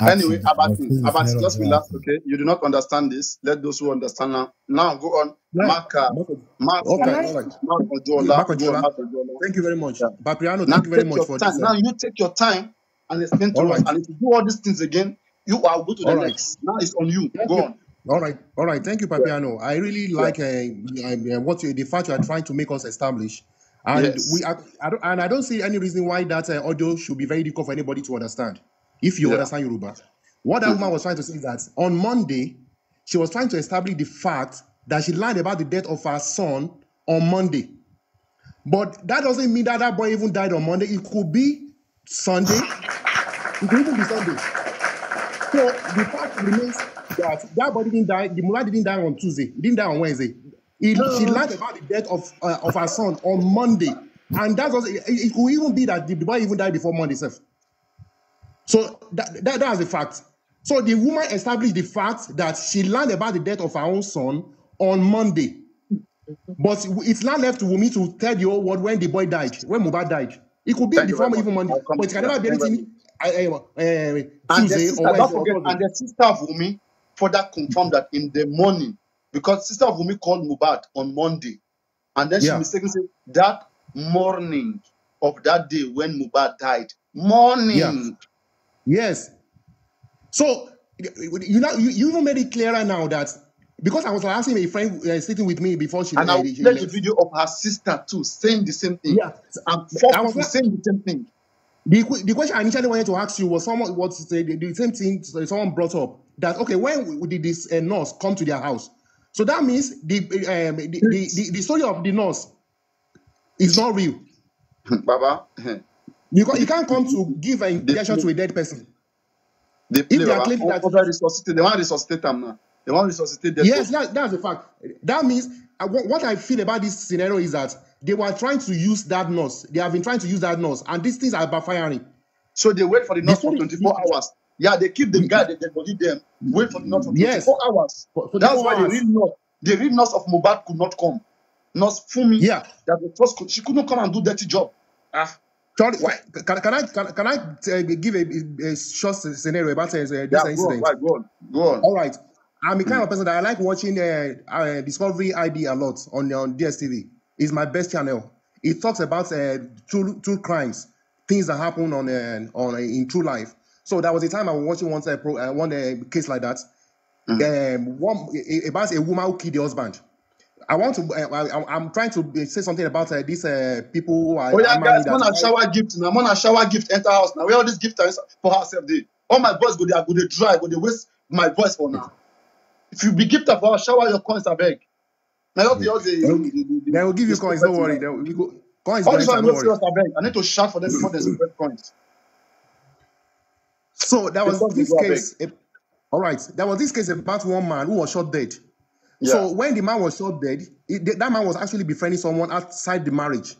Anyway, about Abati, just relax, okay? You do not understand this. Let those who understand now. Now go on. Mark, Mark, okay, Mark Mark Thank you very much. Yeah. Papiano, thank now you very much for time. this. Uh, now you take your time and explain to all us. Right. And if you do all these things again, you are good to all the right. next. Now it's on you. Thank go you. on. All right, all right. Thank you, Papiano. Yeah. I really like yeah. Uh, uh, what you, the fact you are trying to make us establish. And yes. we, I, and I don't see any reason why that uh, audio should be very difficult for anybody to understand. if you yeah. understand Yoruba. What that woman was trying to say is that on Monday, she was trying to establish the fact that she learned about the death of her son on Monday. But that doesn't mean that that boy even died on Monday. It could be Sunday. It could even be Sunday. So the fact remains that that boy didn't die. The mother didn't die on Tuesday. It didn't die on Wednesday. It, she lied about the death of uh, of her son on Monday, and that was it, it. Could even be that the boy even died before Monday itself. So that, that, that's the fact. So the woman established the fact that she learned about the death of her own son on Monday. But it's not left to Wumi to tell the whole world when the boy died, when Mubad died. It could be Thank in the form even Monday, but it can never be anything uh, Tuesday or Wednesday. And the sister of Wumi further confirmed that in the morning, because sister of Wumi called Mubad on Monday, and then she yeah. mistakenly said that morning of that day when Mubad died, morning. Yeah. Yes. So you know, you, you even made it clearer now that because I was asking a friend uh, sitting with me before she and I played a video of her sister too saying the same thing. Yeah, and I was saying the same thing. The, the question I initially wanted to ask you was someone what the, the same thing someone brought up that okay when did this uh, nurse come to their house? So that means the, um, the, the, the, the story of the nurse is not real. Baba, eh, Because you can't come to give an injection to a dead person. They, if oh, oh, they, they are claiming that over resuscitate, they want to resuscitate them now. They want to resuscitate dead Yes, that, that's the fact. That means uh, what I feel about this scenario is that they were trying to use that nurse. They have been trying to use that nurse, and these things are backfiring. So they wait for the nurse for 24 hours. Yeah, they keep them guarded, they, they body them, wait for the nurse for 24 yes. hours. For, for That's why hours. the real nurse, the real nurse of Mubad could not come. Nurse Fumi, yeah. that the first, she could not come and do dirty job. Ah, Charlie, why, can, can I can, can I uh, give a, a, short scenario about uh, this yeah, go incident? On, go on, go on. All right. I'm the kind of hmm. person that I like watching uh, uh Discovery ID a lot on on DSTV. It's my best channel. It talks about uh, true true crimes, things that happen on uh, on in true life. So there was a time I was watching one pro, one case like that. Mm. Um, one about a woman who killed the husband. I want to. Eh, I, am trying to eh, say something about uh, eh, these uh, people who are. Oh yeah, guys, man, I shower gift now. Man, I shower gift enter house now. Where all these gifts are for herself day. All my boys go there, go they dry, go they waste my voice for now. If you be gifted for her, shower your coins, are beg. Now all the all the. They will give you coins. Don't worry. They will, we go. Coins. All this one, no serious, I need to shout for them before There's spread coins. So that was this case. All right, That was this case about one man who was shot dead. So when the man was shot dead, it, that man was actually befriending someone outside the marriage.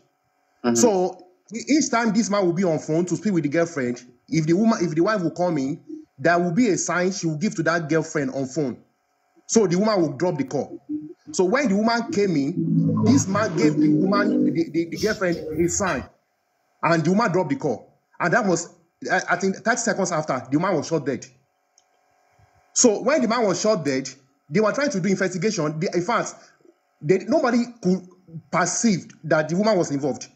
Mm-hmm. So each time this man will be on phone to speak with the girlfriend, if the woman, if the wife will come in, there will be a sign she will give to that girlfriend on phone. So the woman will drop the call. So when the woman came in, this man gave the woman, the, the, the girlfriend, a sign, and the woman dropped the call. And that was, I, I think, 30 seconds after, the man was shot dead. So when the man was shot dead, they were trying to do investigation. They, in fact, they, nobody could perceived that the woman was involved.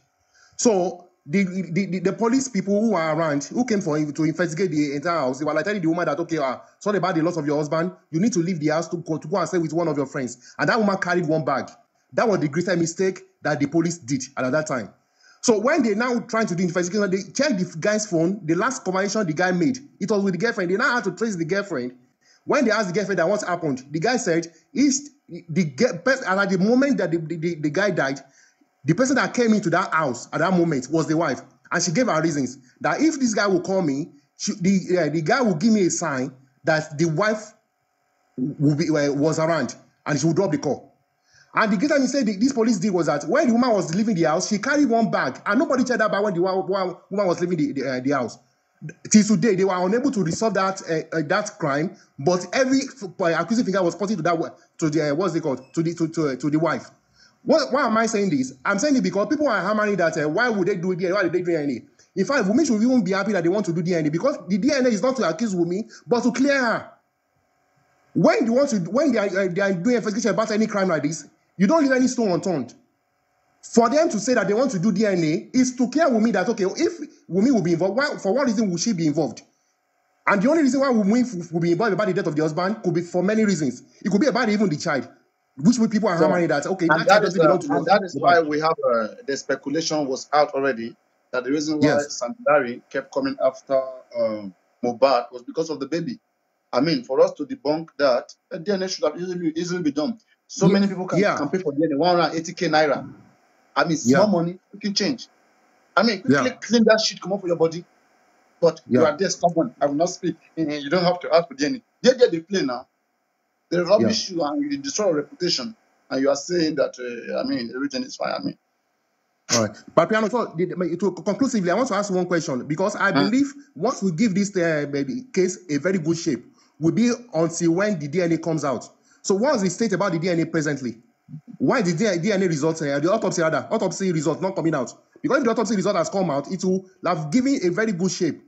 So the, the, the, police people who were around, who came for to investigate the entire house, they were like telling the woman that, okay, uh, sorry about the loss of your husband. You need to leave the house to go, to go and stay with one of your friends. And that woman carried one bag. That was the greatest mistake that the police did at that time. So when they now trying to do investigation, they checked the guy's phone, the last conversation the guy made. It was with the girlfriend. They now had to trace the girlfriend When they asked the girlfriend that what happened, the guy said, is the person at the moment that the, the, the guy died, the person that came into that house at that moment was the wife. And she gave her reasons that if this guy will call me, she, the, uh, the guy will give me a sign that the wife will be, uh, was around and she would drop the call. And the greater mistake this police did was that when the woman was leaving the house, she carried one bag and nobody checked that bag when the woman was leaving the, the, uh, the house till today they were unable to resolve that uh, uh, that crime but every eh, accusing figure was pointing to that to the uh, what's it called to the to to, uh, to the wife what, why am i saying this i'm saying it because people are hammering that uh, why would they do dna why did they do dna in fact wumi should even be happy that they want to do dna because the dna is not to accuse wumi but to clear her when you want to when they are, uh, they are doing investigation about any crime like this you don't leave any stone unturned for them to say that they want to do DNA is to with me that, okay, if Wumi will be involved, why, for what reason will she be involved? And the only reason why Wumi will be involved about the death of the husband could be for many reasons. It could be about even the child, which people are so, hammering that, okay, that, that is, uh, and that is why we have uh, the speculation was out already that the reason why yes. Sandari kept coming after um, was because of the baby. I mean, for us to debunk that, DNA should have easily, easily be done. So yeah, many people can, yeah. can pay for DNA, 180k naira. I mean, small yeah. money, you can change. I mean, quickly yeah. clean that shit, come off your body. But yeah. you are there stubborn. I will not speak. You don't have to ask for the any. They get the play now. They rubbish yeah. you and you destroy your reputation. And you are saying that, uh, I mean, everything is fine. I mean, all right. But Piano, so to conclusively, I want to ask one question because I huh? Hmm. believe once we give this uh, case a very good shape, will be until when the DNA comes out. So, what is the state about the DNA presently? Why did the DNA results, here? Eh, the autopsy rather, autopsy result not coming out? Because if the autopsy result has come out, it will have given a very good shape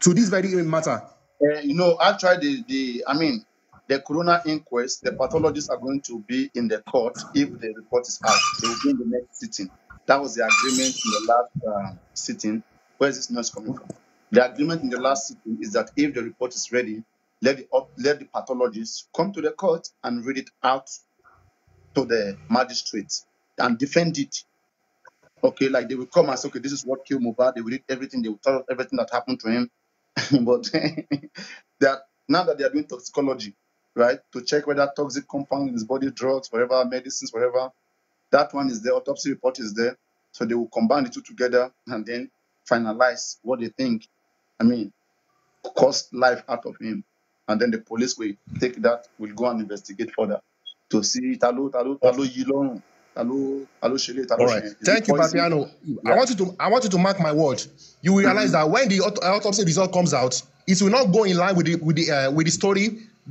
to this very matter. Uh, you know, actually, the, the I mean, the corona inquest, the pathologists are going to be in the court if the report is out. They will be in the next sitting. That was the agreement in the last uh, sitting. Where is this noise coming from? The agreement in the last sitting is that if the report is ready, let the, let the pathologists come to the court and read it out to the magistrates and defend it. Okay, like they will come and say, okay, this is what killed Mubarak. They will read everything. They will tell us everything that happened to him. but are now that they are doing toxicology, right, to check whether toxic compound in his body, drugs, whatever, medicines, whatever, that one is there. Autopsy report is there. So they will combine the two together and then finalize what they think. I mean, cost life out of him. And then the police will take that, will go and investigate further all right thank you Papiano yeah. i want you to i want you to mark my word you will realize mm -hmm. that when the aut autopsy result comes out it will not go in line with the with the uh, with the story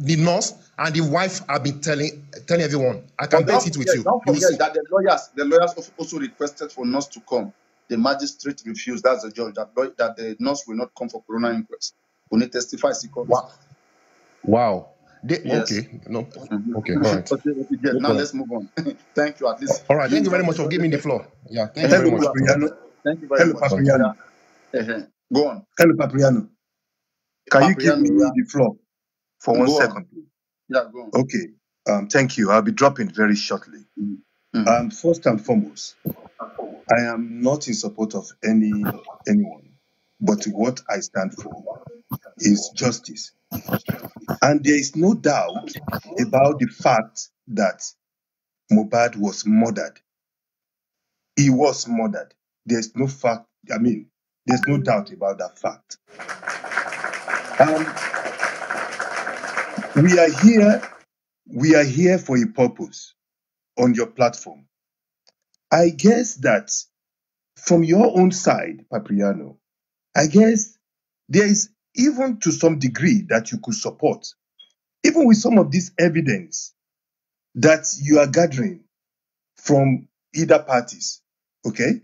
the nurse and the wife have been telling telling everyone. I can bet it with you. Don't forget you that the lawyers, the lawyers also requested for nurse to come. The magistrate refused. That's the judge. That that the nurse will not come for corona inquest. Only testifies in court. Wow. Wow. They, yes. Okay. No. Mm-hmm. Okay. All right. okay, now let's move on. thank you. At least. All right. Thank you very much for giving me the floor. Yeah. Thank, thank you very much. Papriano. Thank you very Hello, much. Papriano. Uh-huh. Go on. Hello, Papriano. Can Papriano, you give me yeah. the floor for one go second? On. Yeah. Go on. Okay. Um, thank you. I'll be dropping very shortly. Mm-hmm. mm-hmm. Um, first and foremost, I am not in support of any anyone, but what I stand for is justice and there is no doubt about the fact that Mobad was murdered. He was murdered. There's no fact, I mean, there's no doubt about that fact. Um, we are here, we are here for a purpose on your platform. I guess that from your own side, Papriano, I guess there is even to some degree that you could support, even with some of this evidence that you are gathering from either parties, okay?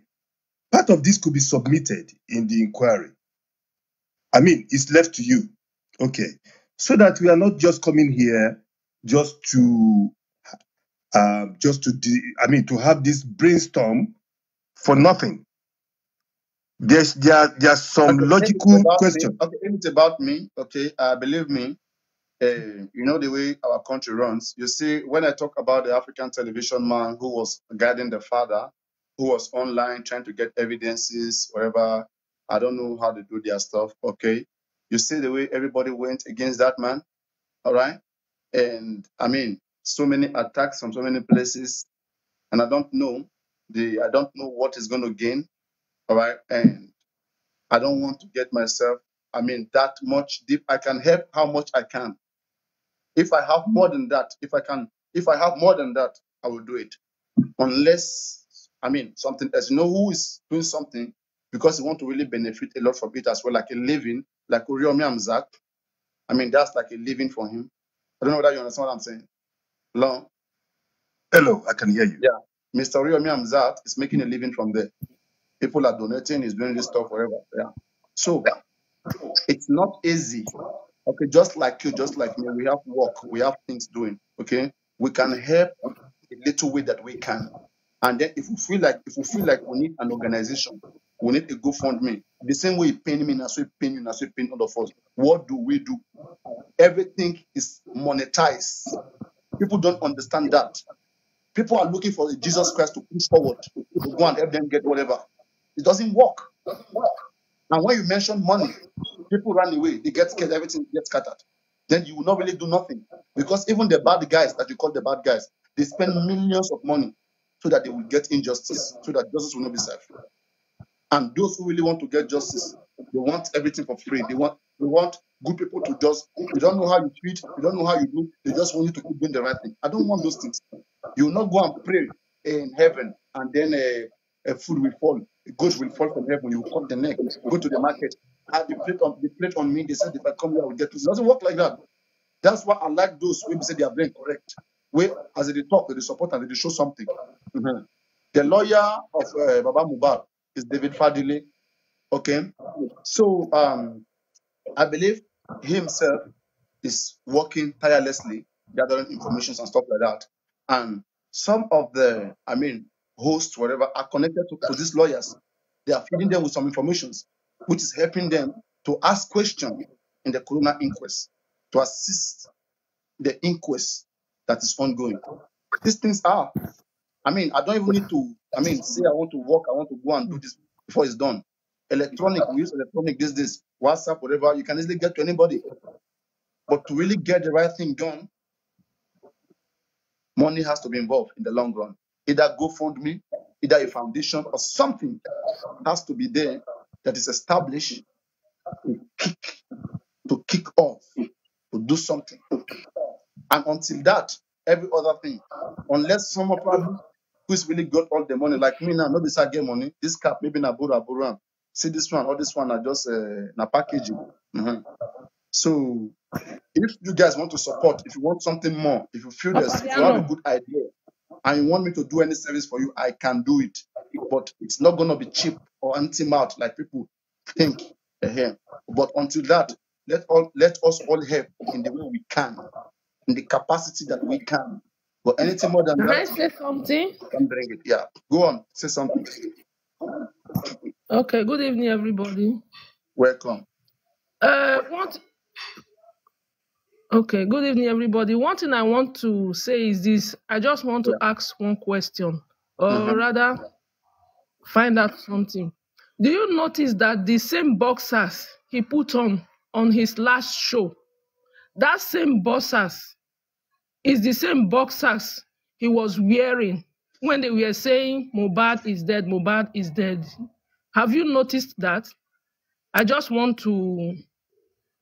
Part of this could be submitted in the inquiry. I mean, it's left to you, okay? So that we are not just coming here just to, uh, just to, I mean, to have this brainstorm for nothing. There's there, there's some okay, logical question. Okay, it's about me, okay, uh, believe me, uh, you know the way our country runs. You see, when I talk about the African television man who was guiding the father, who was online trying to get evidences, whatever, I don't know how to do their stuff. Okay, you see the way everybody went against that man. All right, and I mean, so many attacks from so many places, and I don't know the I don't know what is going to gain all right. And I don't want to get myself, I mean, that much deep. I can help how much I can. If I have more than that, if I can, if I have more than that, I will do it. Unless, I mean, something as You know who is doing something because you want to really benefit a lot from it as well, like a living, like Uriomi Amzak. I mean, that's like a living for him. I don't know whether you understand what I'm saying. Long. Hello, I can hear you. Yeah. Mr. Uriomi is making a living from there. People are donating, he's doing this stuff forever. Yeah. So it's not easy. Okay, just like you, just like me, we have work, we have things doing. Okay. We can help a little way that we can. And then if we feel like if we feel like we need an organization, we need a Me. The same way you pay me, now so it pain you, now so it pain all of us. What do we do? Everything is monetized. People don't understand that. People are looking for Jesus Christ to push forward, to go and help them get whatever. It doesn't work. And when you mention money, people run away. They get scared. Everything gets scattered. Then you will not really do nothing because even the bad guys that you call the bad guys, they spend millions of money so that they will get injustice, so that justice will not be served. And those who really want to get justice, they want everything for free. They want they want good people to just you don't know how you treat, you don't know how you do, they just want you to keep doing the right thing. I don't want those things. You will not go and pray in heaven and then uh, a food will fall, a goat will fall from heaven, you cut the neck, go to the market, add the plate on the plate on me, they said if I come here, I will get to it. doesn't work like that. That's why I like those who say they are very correct. Where as they talk, they support and they show something. Mm-hmm. The lawyer of uh, Baba Mubarak is David Fadile. Okay. So um, I believe he himself is working tirelessly, gathering information and stuff like that. And some of the, I mean, hosts, whatever, are connected to, to these lawyers. They are feeding them with some informations, which is helping them to ask questions in the corona inquest, to assist the inquest that is ongoing. These things are, I mean, I don't even need to, I mean, say I want to work, I want to go and do this before it's done. Electronic, we use electronic this, this, WhatsApp, whatever, you can easily get to anybody. But to really get the right thing done, money has to be involved in the long run either GoFundMe, either a foundation or something has to be there that is established to kick, to kick off, to do something. And until that, every other thing, unless someone probably who's really got all the money, like me now, nobody's I get money. This cap, maybe na buru aburam. See this one, all this one are just uh, na packaging. Mm-hmm. So, if you guys want to support, if you want something more, if you feel this, if you have a good idea, and you want me to do any service for you, I can do it. But it's not going to be cheap or empty mouth like people think. But until that, let all let us all help in the way we can, in the capacity that we can. But anything more than can that, I say something? Can bring it. Yeah, go on, say something. Okay. Good evening, everybody. Welcome. Uh, what Okay, good evening, everybody. One thing I want to say is this I just want to ask one question, or mm-hmm. rather, find out something. Do you notice that the same boxers he put on on his last show, that same boxers is the same boxers he was wearing when they were saying Mobad is dead, Mobad is dead? Have you noticed that? I just want to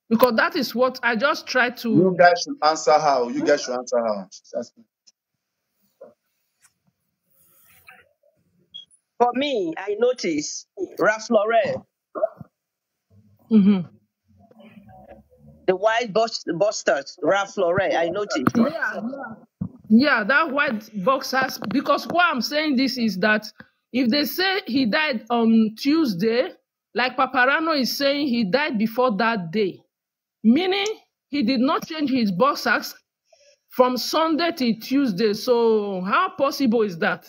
because that is what I just try to. You guys should answer how. You guys should answer how. For me, I notice Ralph Lauren, Mm-hmm. the white busters, Ralph Lauren, I notice. Yeah, yeah, that white box has. Because what I'm saying this is that if they say he died on Tuesday, like Paparano is saying he died before that day meaning he did not change his boxers from Sunday to Tuesday. So how possible is that?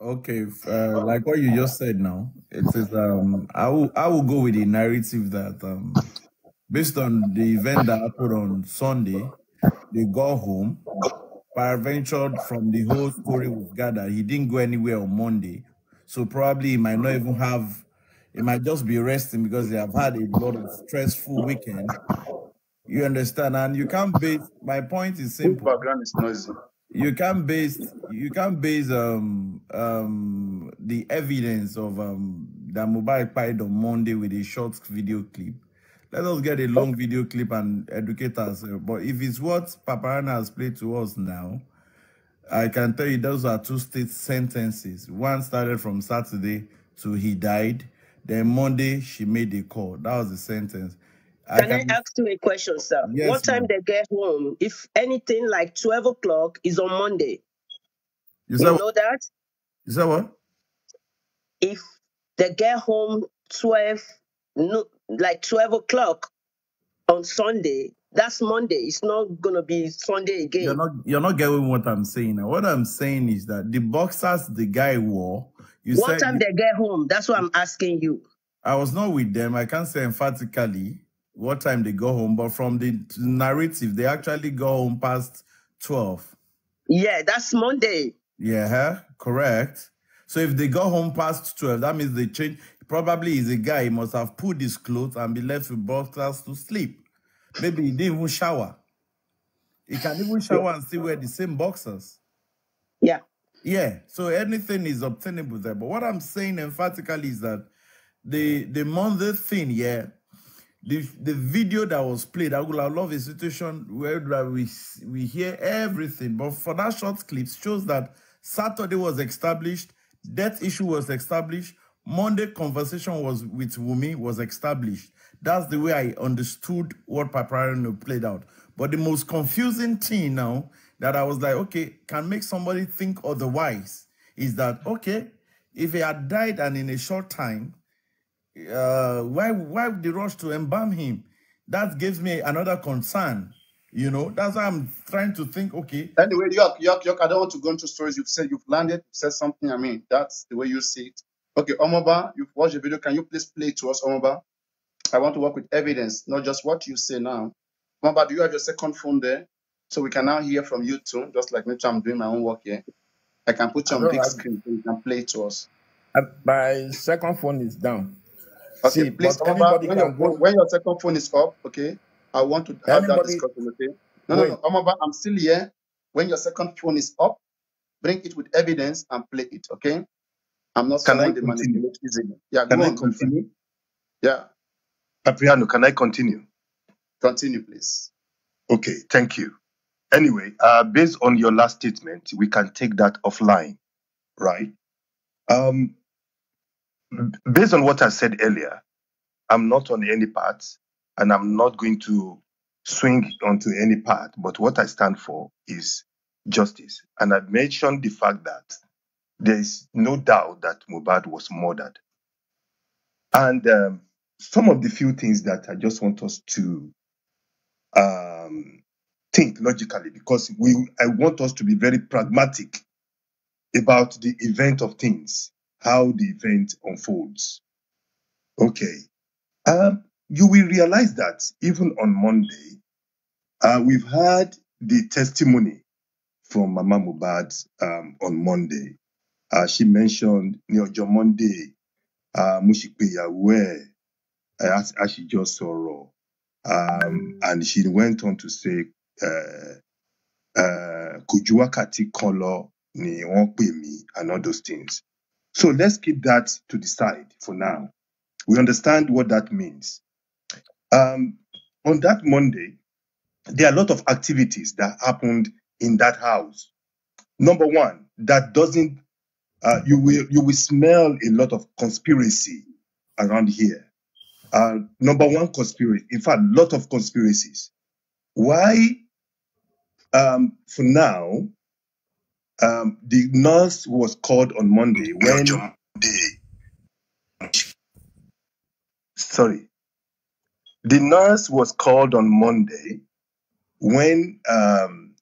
Okay, uh, like what you just said now, it is um I will I will go with the narrative that um based on the event that happened on Sunday, they got home, paraventured from the whole story we've gathered. He didn't go anywhere on Monday, so probably he might not even have they might just be resting because they have had a lot of stressful weekend. You understand? And you can't base my point is simple. This background is noisy. You can't base you can't base um um the evidence of um that Mobile pied on Monday with a short video clip. Let us get a long video clip and educate us. But if it's what Paparana has played to us now, I can tell you those are two state sentences. One started from Saturday to he died. Then Monday, she made a call. That was the sentence. I Can I ask you a question, sir? yes, What time ma'am. they get home? If anything like 12 o'clock is on Monday. You said, You know that? what? If they get home 12, no, like 12 o'clock on Sunday, that's Monday. It's not going to be Sunday You're again. not you're not getting what I'm saying. What I'm saying is that the boxers the guy wore, you what time you, they get home? That's what I'm asking you. I was not with them. I can't say emphatically what time they go home, but from the narrative, they actually go home past 12. Yeah, that's Monday. Yeah, correct. So if they go home past 12, that means they change. Probably is a guy, he must have put his clothes and be left with broadcast to sleep. Maybe he didn't even shower. He can even shower and still wear the same boxers. Yeah. Yeah, so anything is obtainable there. But what I'm saying emphatically is that the the Monday thing, yeah, the the video that was played, I would love a situation where we we hear everything. But for that short clip shows that Saturday was established, that issue was established, Monday conversation was with Wumi was established. That's the way I understood what Paparino played out. But the most confusing thing now that I was like, okay, can make somebody think otherwise is that, okay, if he had died and in a short time, uh, why, why the rush to embalm him? That gives me another concern. You know, that's why I'm trying to think, okay. Anyway, York, York, York, I don't want to go into stories. You've said you've landed, you've said something. I mean, that's the way you see it. Okay, Omoba, you've watched the video. Can you please play to us, Omoba? I want to work with evidence, not just what you say now. Omoba, do you have your second phone there? So we can now hear from you too, just like me, I'm doing my own work here. I can put you on big screen so you can play to us. my second phone is down. Okay, See, please come back. When, your, go... when your second phone is up, okay, I want to have that discussion, okay? No, no, no, no, I'm still here. When your second phone is up, bring it with evidence and play it, okay? I'm not can I continue? Yeah, can I continue? continue? Yeah. Apriano, can I continue? Continue, please. Okay, thank you. Anyway, uh, based on your last statement, we can take that offline, right? Um, based on what I said earlier, I'm not on any part and I'm not going to swing onto any part, but what I stand for is justice. And I mentioned the fact that there is no doubt that Mubad was murdered. And um, some of the few things that I just want us to um, think logically because we I want us to be very pragmatic about the event of things, how the event unfolds. Okay. Um, you will realize that even on Monday, uh, we've had the testimony from Mama Mubad um, on Monday. Uh, she mentioned Neojo Monday, uh, Mushikpeyawe, uh, as, as she just saw. Um, and she went on to say, uh, eh, eh, ju wákàtí kan lọ ni wọ́n mí and all those things. So let's keep that to the side for now. We understand what that means. Um, on that Monday, there are a lot of activities that happened in that house. Number one, that doesn't uh, you will you will smell a lot of conspiracy around here. Uh, number one conspiracy, in fact, a lot of conspiracies. Why um, for now, um, the nurse was called on Monday when. Sorry. The nurse was called on Monday when um,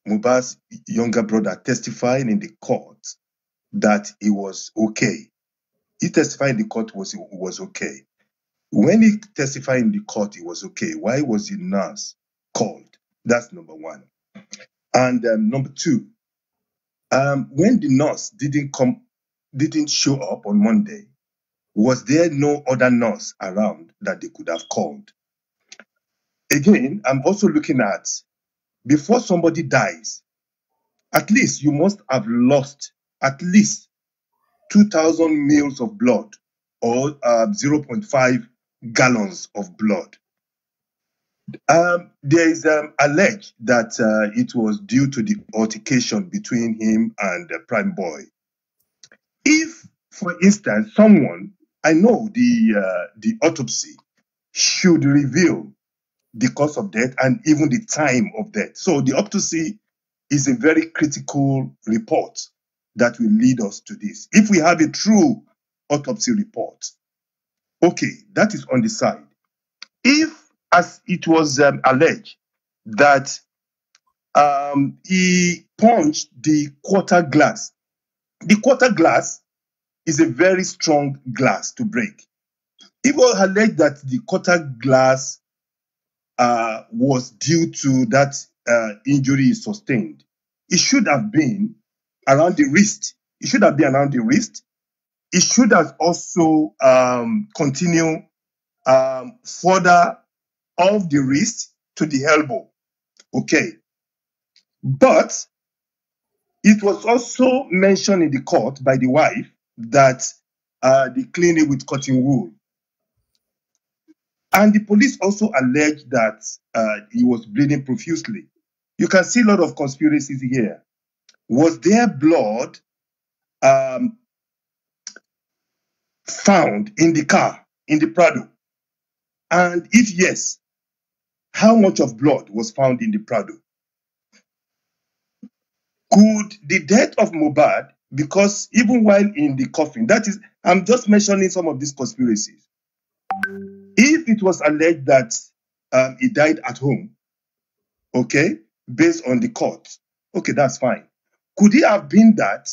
younger brother testified in the court that he was okay. He testified in the court was was okay. When he testified in the court, he was okay. Why was the nurse called? That's number one. And um, number two, um, when the nurse didn't come, didn't show up on Monday, was there no other nurse around that they could have called? Again, I'm also looking at before somebody dies, at least you must have lost at least 2,000 mils of blood or uh, 0.5 gallons of blood. Um, there is um, alleged that uh, it was due to the altercation between him and the prime boy. If, for instance, someone I know the uh, the autopsy should reveal the cause of death and even the time of death. So the autopsy is a very critical report that will lead us to this. If we have a true autopsy report, okay, that is on the side. If as it was um, alleged that um, he punched the quarter glass. The quarter glass is a very strong glass to break. It was alleged that the quarter glass uh, was due to that uh, injury sustained. It should have been around the wrist. It should have been around the wrist. It should have also um, continued um, further of the wrist to the elbow. Okay. But it was also mentioned in the court by the wife that uh, they clean it with cotton wool. And the police also alleged that uh, he was bleeding profusely. You can see a lot of conspiracies here. Was there blood um, found in the car, in the Prado? And if yes, how much of blood was found in the Prado? Could the death of Mobad, because even while in the coffin, that is, I'm just mentioning some of these conspiracies. If it was alleged that um, he died at home, okay, based on the court, okay, that's fine. Could he have been that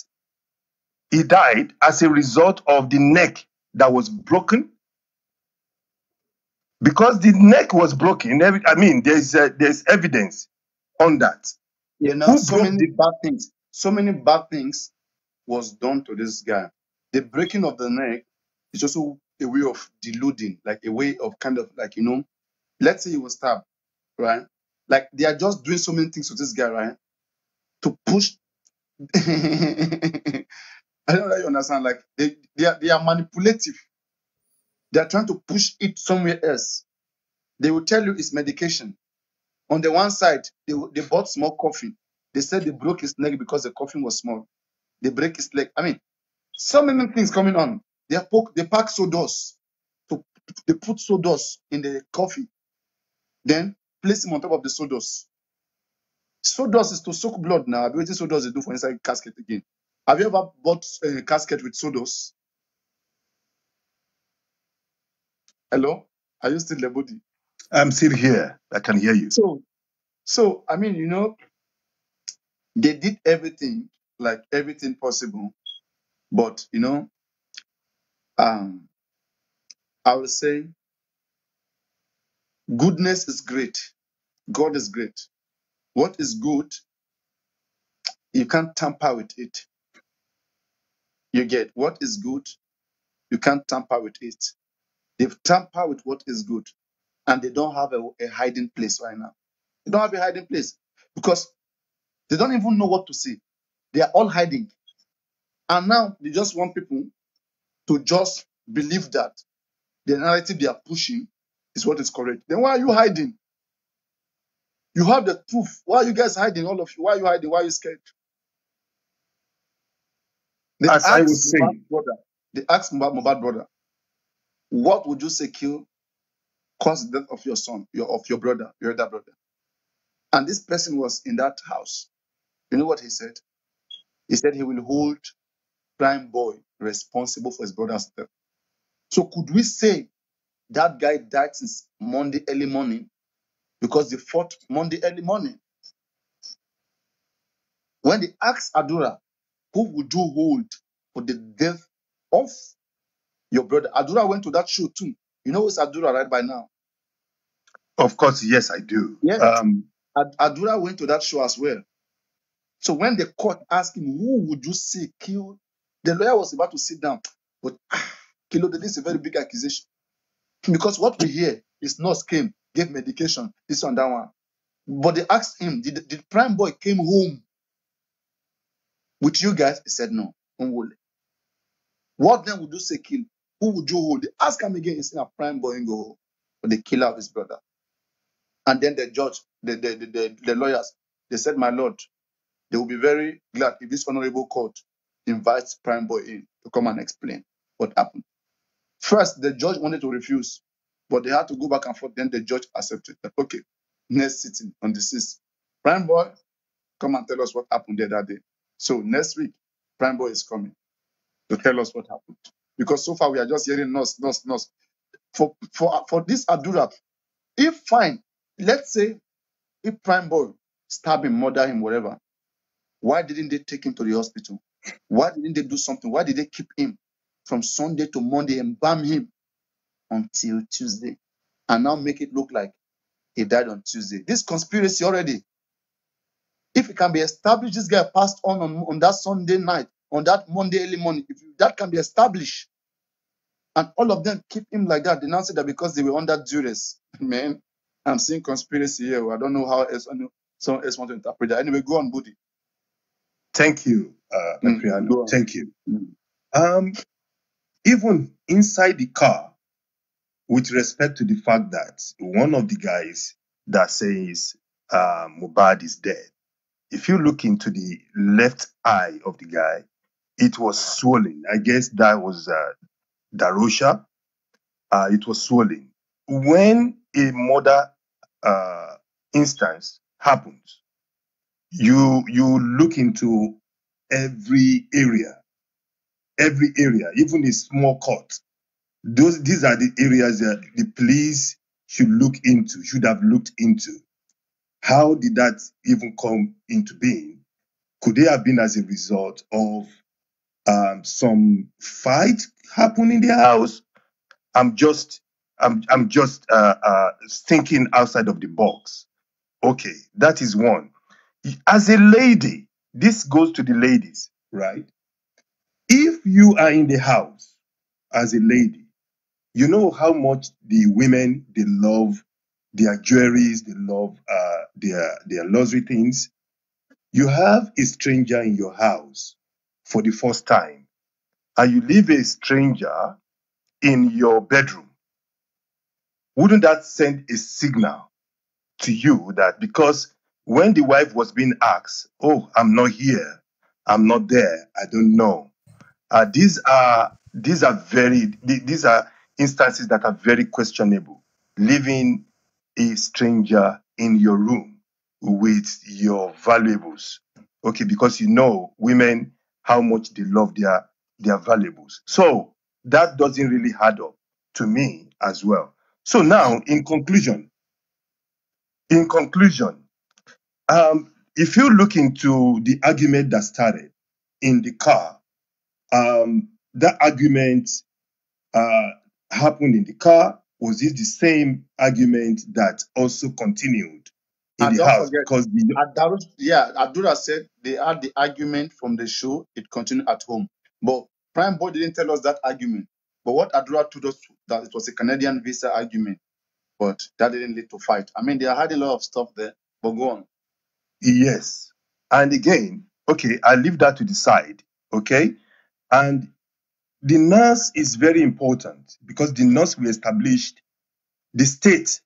he died as a result of the neck that was broken because the neck was broken. I mean, there's uh, there's evidence on that. You know, Who so many the- bad things. So many bad things was done to this guy. The breaking of the neck is also a way of deluding, like a way of kind of like you know, let's say he was stabbed, right? Like they are just doing so many things to this guy, right? To push. I don't know. You understand. Like they, they are they are manipulative they're trying to push it somewhere else. They will tell you it's medication. On the one side, they, they bought small coffin. They said they broke his leg because the coffin was small. They break his leg. I mean, so many things coming on. They are poke, they pack sawdust. To, they put sawdust in the coffee. Then place him on top of the sawdust. Sawdust is to soak blood now. I've sawdust they do for inside casket again. Have you ever bought a uh, casket with sawdust? Hello? Are you still body? I'm still here. I can hear you. So, so I mean, you know, they did everything, like everything possible. But you know, um, I will say, goodness is great. God is great. What is good, you can't tamper with it. You get what is good, you can't tamper with it. They've tampered with what is good, and they don't have a, a hiding place right now. They don't have a hiding place because they don't even know what to say. They are all hiding. And now they just want people to just believe that the narrative they are pushing is what is correct. Then why are you hiding? You have the truth. Why are you guys hiding, all of you? Why are you hiding? Why are you scared? They As I would say, brother, they asked bad brother, what would you say kill the death of your son, your of your brother, your other brother? And this person was in that house. You know what he said? He said he will hold prime boy responsible for his brother's death. So could we say that guy died since Monday early morning because they fought Monday early morning? When they asked Adura, who would you hold for the death of your brother Adura went to that show too. You know who's Adura right by now. Of course, yes, I do. Yes. Um, Adura went to that show as well. So when the court asked him, who would you see killed? The lawyer was about to sit down. But ah, Kilo, this is a very big accusation. Because what we hear is nurse came, gave medication, this one, that one. But they asked him, did, did Prime Boy came home with you guys? He said, no, Unwole. What then would you say kill? Who would you hold? They ask him again. He's in a prime going go, for the killer of his brother. And then the judge, the, the, the, the, the lawyers, they said, My lord, they will be very glad if this honorable court invites Prime Boy in to come and explain what happened. First, the judge wanted to refuse, but they had to go back and forth. Then the judge accepted that, okay, next sitting on the sixth, Prime Boy, come and tell us what happened there that day. So next week, Prime Boy is coming to tell us what happened because so far we are just hearing nos, nos, nos. For for for this Adurab, if fine, let's say if prime boy stab him, murder him, whatever, why didn't they take him to the hospital? Why didn't they do something? Why did they keep him from Sunday to Monday and bam him until Tuesday? And now make it look like he died on Tuesday. This conspiracy already. If it can be established, this guy passed on on, on that Sunday night, on that Monday early morning, if that can be established, and all of them keep him like that. They now say that because they were under duress. Man, I'm seeing conspiracy here. I don't know how else, someone else wants to interpret that. Anyway, go on, Buddy. Thank you, uh, mm, on. Thank you. Mm. Um, even inside the car, with respect to the fact that one of the guys that says uh, Mubad is dead, if you look into the left eye of the guy, it was swollen. I guess that was uh, Darusha, uh, it was swollen. When a murder uh, instance happens, you you look into every area, every area, even a small court. Those these are the areas that the police should look into, should have looked into. How did that even come into being? Could they have been as a result of um, some fight happen in the house. I'm just I'm I'm just uh, uh, thinking outside of the box. Okay, that is one. As a lady, this goes to the ladies, right? If you are in the house as a lady, you know how much the women they love their jewelries, they love uh, their their luxury things. You have a stranger in your house for the first time and you leave a stranger in your bedroom, wouldn't that send a signal to you that because when the wife was being asked, Oh, I'm not here, I'm not there, I don't know. Uh, these are these are very these are instances that are very questionable. Leaving a stranger in your room with your valuables. Okay, because you know women how much they love their their valuables. So that doesn't really add up to me as well. So now, in conclusion, in conclusion, um, if you look into the argument that started in the car, um, that argument uh, happened in the car. Was it the same argument that also continued in and the house? because the, yeah, Adura said they had the argument from the show. It continued at home, but Prime Board didn't tell us that argument. But what Adura told us that it was a Canadian visa argument, but that didn't lead to fight. I mean, they had a lot of stuff there, but go on. Yes. And again, okay, I leave that to the side, okay? And the nurse is very important because the nurse will establish the state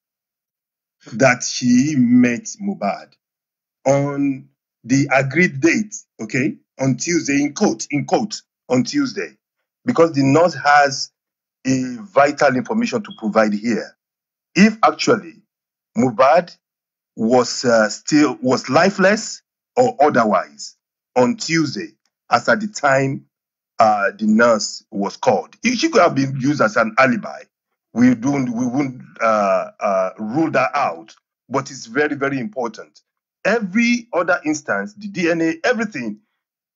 that she met Mubad on the agreed date, okay, on Tuesday in court, in court on Tuesday because the nurse has a vital information to provide here. If actually Mubad was uh, still was lifeless or otherwise on Tuesday, as at the time uh, the nurse was called, if she could have been used as an alibi, we don't we wouldn't uh, uh rule that out. But it's very very important. Every other instance, the DNA, everything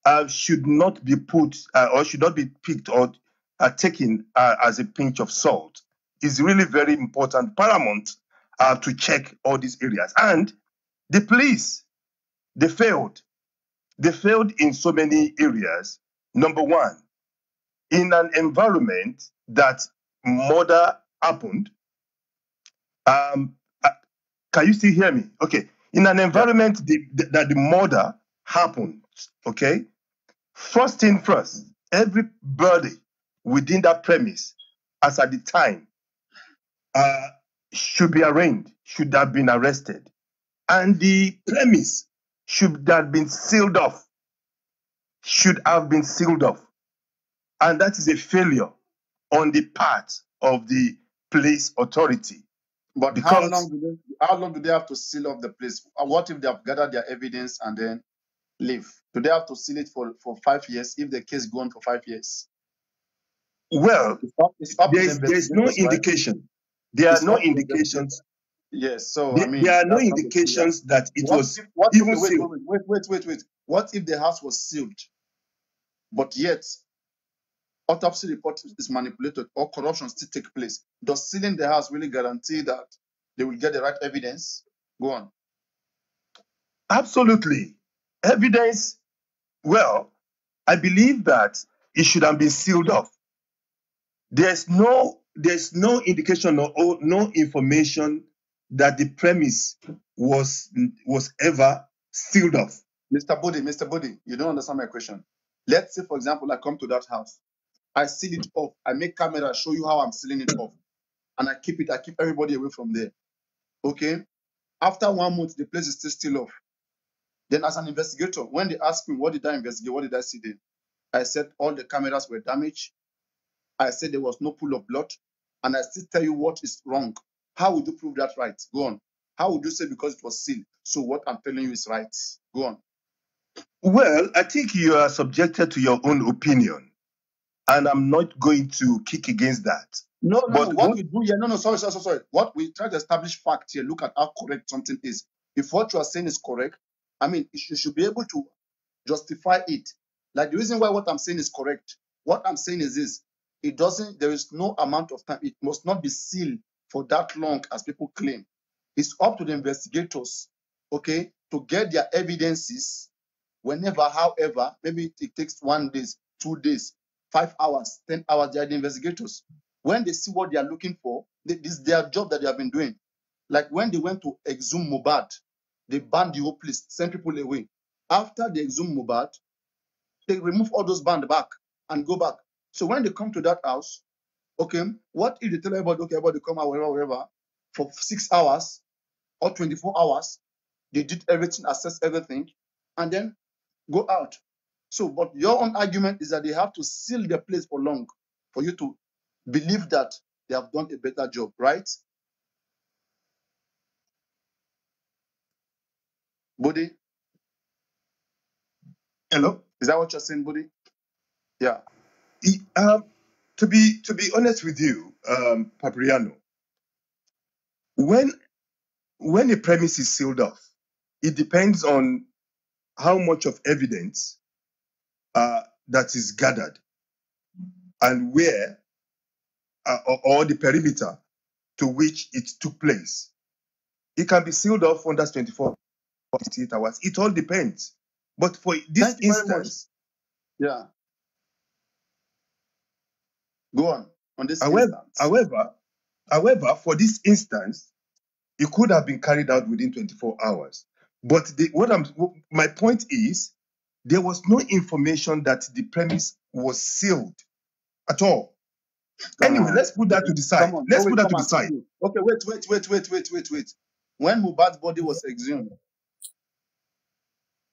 uh, should not be put uh, or should not be picked or uh, taken uh, as a pinch of salt. It's really very important, paramount uh, to check all these areas. And the police, they failed. They failed in so many areas. Number one, in an environment that murder happened. Um, uh, can you still hear me? Okay. In an environment yeah. the, the, that the murder happened, okay, First thing first, everybody within that premise, as at the time, uh, should be arraigned, should have been arrested. And the premise should have been sealed off, should have been sealed off. And that is a failure on the part of the police authority. But because how long do they, how long do they have to seal off the place? What if they have gathered their evidence and then leave. Do they have to seal it for, for five years if the case on for five years? Well, it's up, it's up there's, there's no indication. There it's are no indications. Yes, so there, I mean, there are no indications that it what was if, what even if, wait, sealed. Wait, wait, wait, wait. What if the house was sealed, but yet autopsy report is manipulated or corruption still take place? Does sealing the house really guarantee that they will get the right evidence? Go on. Absolutely evidence, well, I believe that it should have been sealed off. There's no there's no indication or no, no information that the premise was was ever sealed off. Mr. Bodhi, Mr. Bodhi, you don't understand my question. Let's say, for example, I come to that house, I seal it off, I make camera show you how I'm sealing it off, and I keep it, I keep everybody away from there. Okay. After one month, the place is still still off. Then, as an investigator, when they asked me, what did I investigate? What did I see then? I said all the cameras were damaged. I said there was no pool of blood. And I still tell you what is wrong. How would you prove that right? Go on. How would you say because it was sealed? So what I'm telling you is right. Go on. Well, I think you are subjected to your own opinion. And I'm not going to kick against that. No, no, but what we do here, no, no, sorry, sorry, sorry. What we try to establish fact here, look at how correct something is. If what you are saying is correct, I mean, you should be able to justify it. Like the reason why what I'm saying is correct. What I'm saying is this: it doesn't. There is no amount of time. It must not be sealed for that long as people claim. It's up to the investigators, okay, to get their evidences. Whenever, however, maybe it takes one days, two days, five hours, ten hours. They are the investigators. When they see what they are looking for, this is their job that they have been doing. Like when they went to exhume Mubad, they banned the whole place, send people away. After they exhumed Mubad, they remove all those band back and go back. So when they come to that house, okay, what if they tell everybody, okay, everybody come out, wherever, wherever, for six hours or 24 hours, they did everything, assess everything, and then go out. So, but your own argument is that they have to seal the place for long for you to believe that they have done a better job, right? Buddy? Hello. Is that what you're saying, Buddy? Yeah. Um, to be to be honest with you, um, Papriano, when when a premise is sealed off, it depends on how much of evidence uh, that is gathered and where uh, or, or the perimeter to which it took place. It can be sealed off under 24 48 hours. It all depends. But for this Thank instance, yeah. Go on. On this however, however, however, for this instance, it could have been carried out within 24 hours. But the, what I'm, my point is, there was no information that the premise was sealed at all. Come anyway, on. let's put that to the side. Let's oh, wait, put that to the side. Okay, wait, wait, wait, wait, wait, wait, wait. When Mubad's body was exhumed,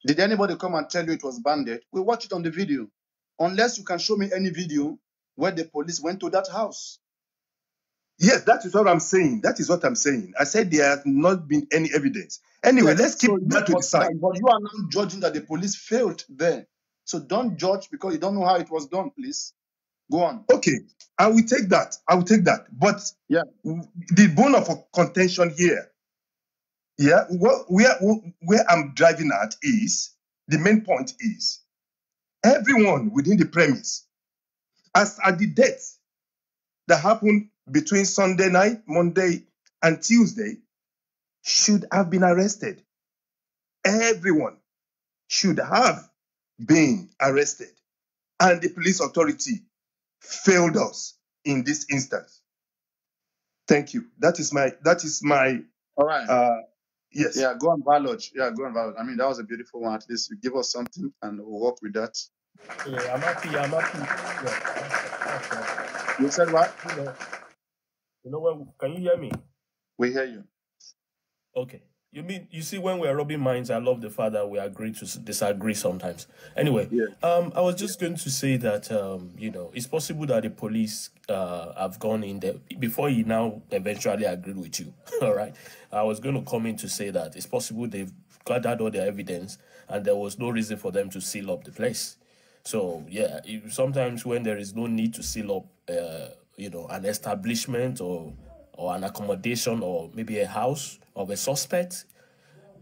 did anybody come and tell you it was banded? We watched it on the video. Unless you can show me any video where the police went to that house. Yes, that is what I'm saying. That is what I'm saying. I said there has not been any evidence. Anyway, yes, let's keep so that to the side. But you are now judging that the police failed there. So don't judge because you don't know how it was done, please. Go on. Okay, I will take that. I will take that. But yeah, the bone of contention here yeah, where, where I'm driving at is the main point is everyone within the premise, as at the death that happened between Sunday night, Monday, and Tuesday, should have been arrested. Everyone should have been arrested. And the police authority failed us in this instance. Thank you. That is my that is my all right. Uh, Yes. Yeah, go on Valoj. Yeah, go on Valoj. I mean, that was a beautiful one. At least you give us something and we'll work with that. Yeah, I'm happy. I'm happy. Yeah. You said what? You know, you know what? Can you hear me? We hear you. Okay. You mean you see when we're rubbing minds, I love the fact that we agree to disagree sometimes. Anyway, yeah. um, I was just going to say that um, you know it's possible that the police uh, have gone in there before he now eventually agreed with you. all right, I was going to come in to say that it's possible they've gathered all their evidence and there was no reason for them to seal up the place. So yeah, sometimes when there is no need to seal up, uh, you know, an establishment or or an accommodation or maybe a house of a suspect,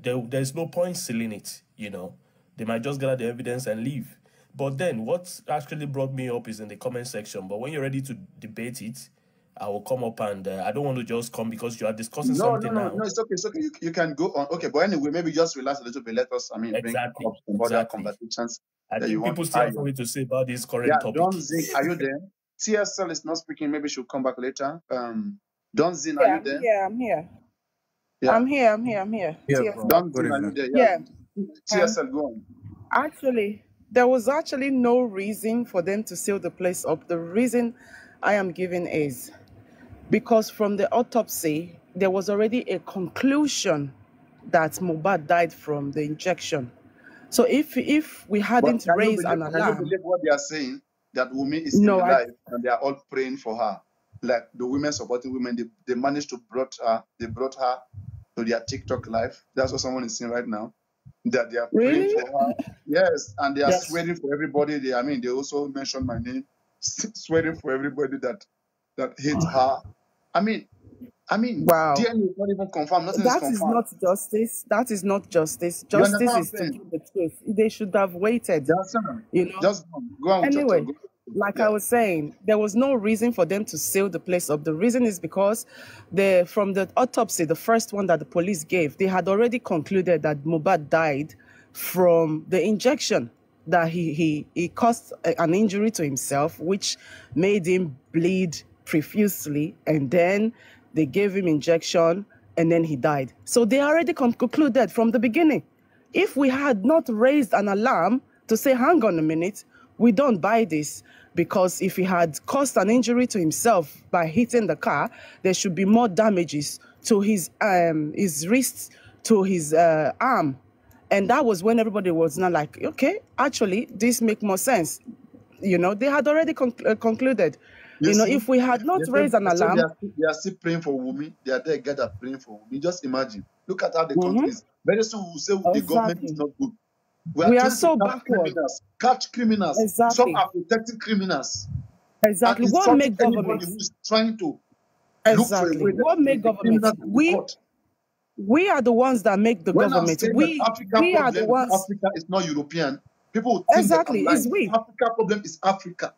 there, there's no point sealing it, you know. They might just gather the evidence and leave. But then what actually brought me up is in the comment section. But when you're ready to debate it, I will come up and uh, I don't want to just come because you are discussing no, something no, no, now. No, it's okay. It's okay. You, you, can go on. Okay, but anyway, maybe just relax a little bit. Let us, I mean, exactly. bring up exactly. conversations. I that you people want still have something to say about this current yeah, topic. Don't think, are you there? TSL is not speaking. Maybe she'll come back later. Um, Donzin, yeah, are you there? Yeah, I'm here. Yeah. I'm here, I'm here, I'm here. Yeah, are you there? Yeah. yeah. Um, TSL, go on. Actually, there was actually no reason for them to seal the place up. The reason I am giving is because from the autopsy, there was already a conclusion that Mubad died from the injection. So if if we hadn't raised believe, an alarm, believe what they are saying that woman is still no, alive I, and they are all praying for her like the women supporting women, they, they managed to brought her, they brought her to their TikTok live. That's what someone is seeing right now. That they are really? praying for her. Yes, and they are yes. swearing for everybody. They, I mean, they also mentioned my name, swearing for everybody that that hates her. I mean, I mean, wow. DNA is not even confirmed. Nothing that is, confirmed. is, not justice. That is not justice. Justice is to the truth. They should have waited. Yes, you know? Just go, on. Anyway. go like yeah. I was saying, there was no reason for them to seal the place up. The reason is because the from the autopsy, the first one that the police gave, they had already concluded that Mubad died from the injection that he he he caused an injury to himself, which made him bleed profusely, and then they gave him injection, and then he died. So they already concluded from the beginning. If we had not raised an alarm to say, hang on a minute we don't buy this because if he had caused an injury to himself by hitting the car, there should be more damages to his um, his wrist, to his uh, arm, and that was when everybody was not like, okay, actually, this make more sense. You know, they had already conc uh, concluded. You, you know, see, if we had not raised an alarm, they are, still, they are, still praying for Wumi. They are there, together praying for Wumi. Just imagine. Look at how the mm -hmm. country mm-hmm. is. Very soon we will say exactly. the government is not good. We are, we are so backwards catch criminals. Exactly. Some are protecting criminals. Exactly. What make government who's trying to exactly what make government we we are the ones that make the when government. We, Africa we are the ones. Africa is not European. People exactly. It's we. Africa problem is Africa.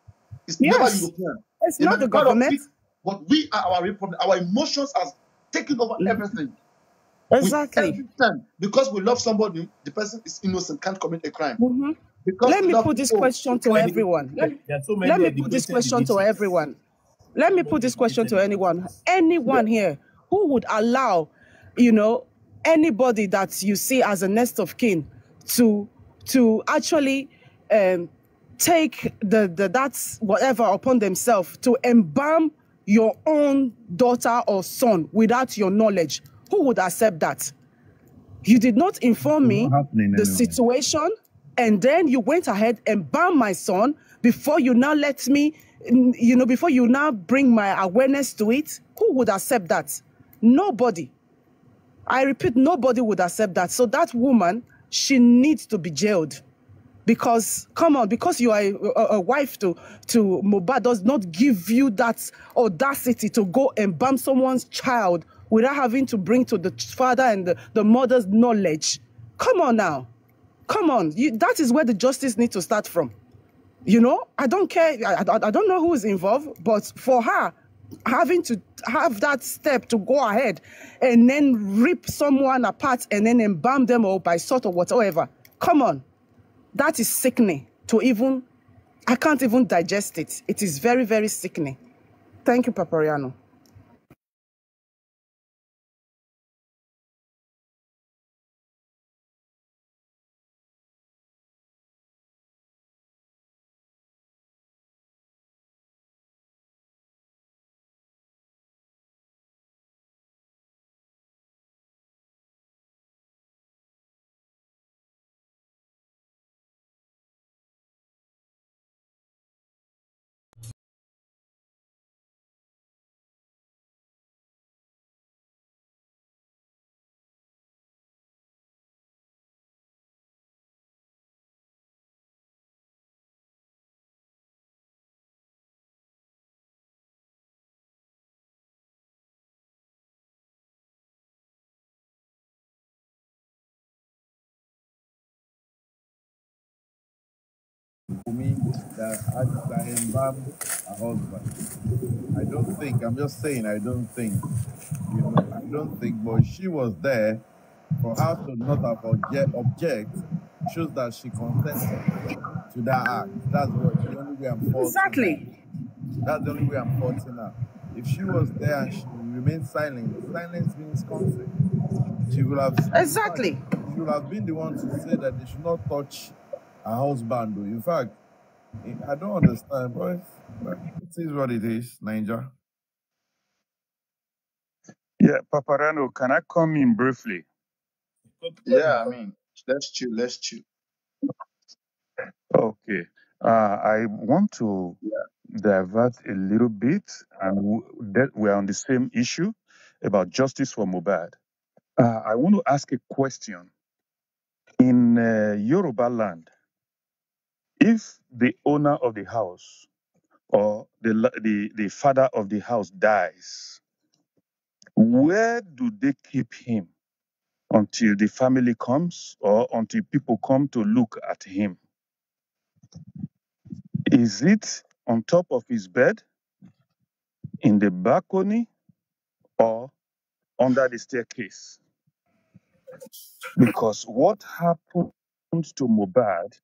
It's yes. never European. It's not the government. but we are our problem. Our emotions are taking over mm. everything. Exactly. Every time, because we love somebody, the person is innocent, can't commit a crime. Mm -hmm. Because let me put this question to everyone. Let, me put this question to everyone. Let me put this question to anyone. Anyone here who would allow, you know, anybody that you see as a nest of kin to to actually um, take the, the that's whatever upon themselves to embalm your own daughter or son without your knowledge. Who would accept that? You did not inform me the anyway. situation. And then you went ahead and banned my son before you now let me, you know, before you now bring my awareness to it. Who would accept that? Nobody. I repeat, nobody would accept that. So that woman, she needs to be jailed. Because, come on, because you are a, a wife to, to Mubad does not give you that audacity to go and bomb someone's child without having to bring to the father and the, the mother's knowledge. Come on now. Come on, you, that is where the justice needs to start from. You know, I don't care. I, I, I don't know who is involved, but for her, having to have that step to go ahead and then rip someone apart and then embalm them or by sort or whatever. Come on. That is sickening to even, I can't even digest it. It is very, very sickening. Thank you, Papariano. woman that had embalmed a husband. I don't think, I'm just saying, I don't think, you know, I don't think, but she was there for her to not have object, object shows that she consented to that act. That's what the only way I'm Exactly. That's the only way I'm faulting her. If she was there and she remained silent, silence means consent. She will have exactly. She will have been the one to say that they should not touch a husband. Though. In fact, I don't understand, boys. it is what it is, Niger. Yeah, Paparano, can I come in briefly? Yeah, I mean, let's chew, let's chew. Okay. Uh, I want to yeah. divert a little bit, and that we're on the same issue about justice for Mubad. Uh, I want to ask a question. In uh, Yoruba land, if the owner of the house or the, the, the father of the house dies, where do they keep him until the family comes or until people come to look at him? Is it on top of his bed, in the balcony, or under the staircase? Because what happened to Mubad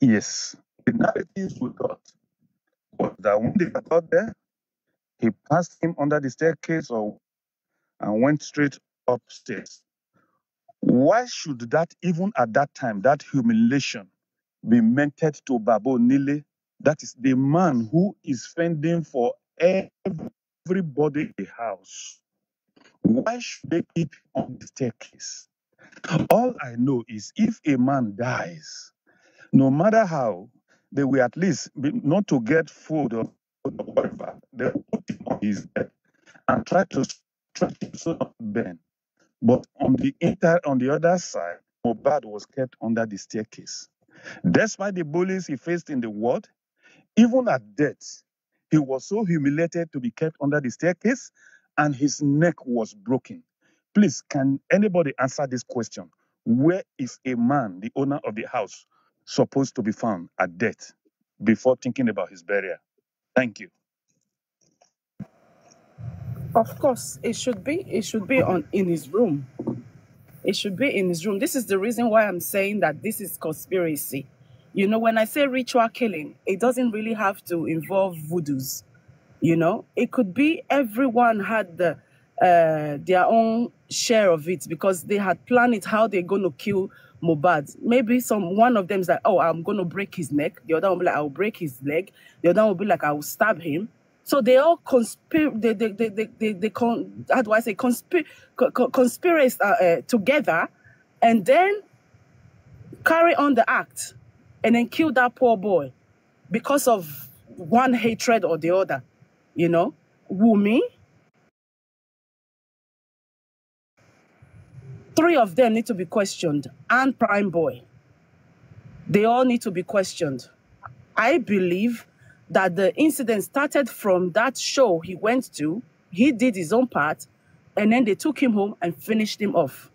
Yes. The narratives we got was that when they got there, he passed him under the staircase or, and went straight upstairs. Why should that, even at that time, that humiliation be meted to Babo Nile? That is the man who is fending for everybody in the house. Why should they keep on the staircase? All I know is if a man dies, no matter how, they will at least be, not to get food or, put whatever. The is there and try to stretch it so not But on the inter, on the other side, Mobad was kept under the staircase. Despite the bullies he faced in the world, even at death, he was so humiliated to be kept under the staircase and his neck was broken. Please, can anybody answer this question? Where is a man, the owner of the house, supposed to be found at death before thinking about his burial. Thank you. Of course, it should be. It should be on in his room. It should be in his room. This is the reason why I'm saying that this is conspiracy. You know, when I say ritual killing, it doesn't really have to involve voodoos. You know, it could be everyone had the, uh, their own share of it because they had planned it how they're going to kill Mobad. Maybe some one of them is like, oh, I'm gonna break his neck. The other one will be like, I'll break his leg. The other one will be like, I will stab him. So they all conspire. They they they they they, they con- how do I say conspire uh, uh, together, and then carry on the act, and then kill that poor boy because of one hatred or the other. You know, Wumi Three of them need to be questioned, and Prime Boy. They all need to be questioned. I believe that the incident started from that show he went to. He did his own part, and then they took him home and finished him off.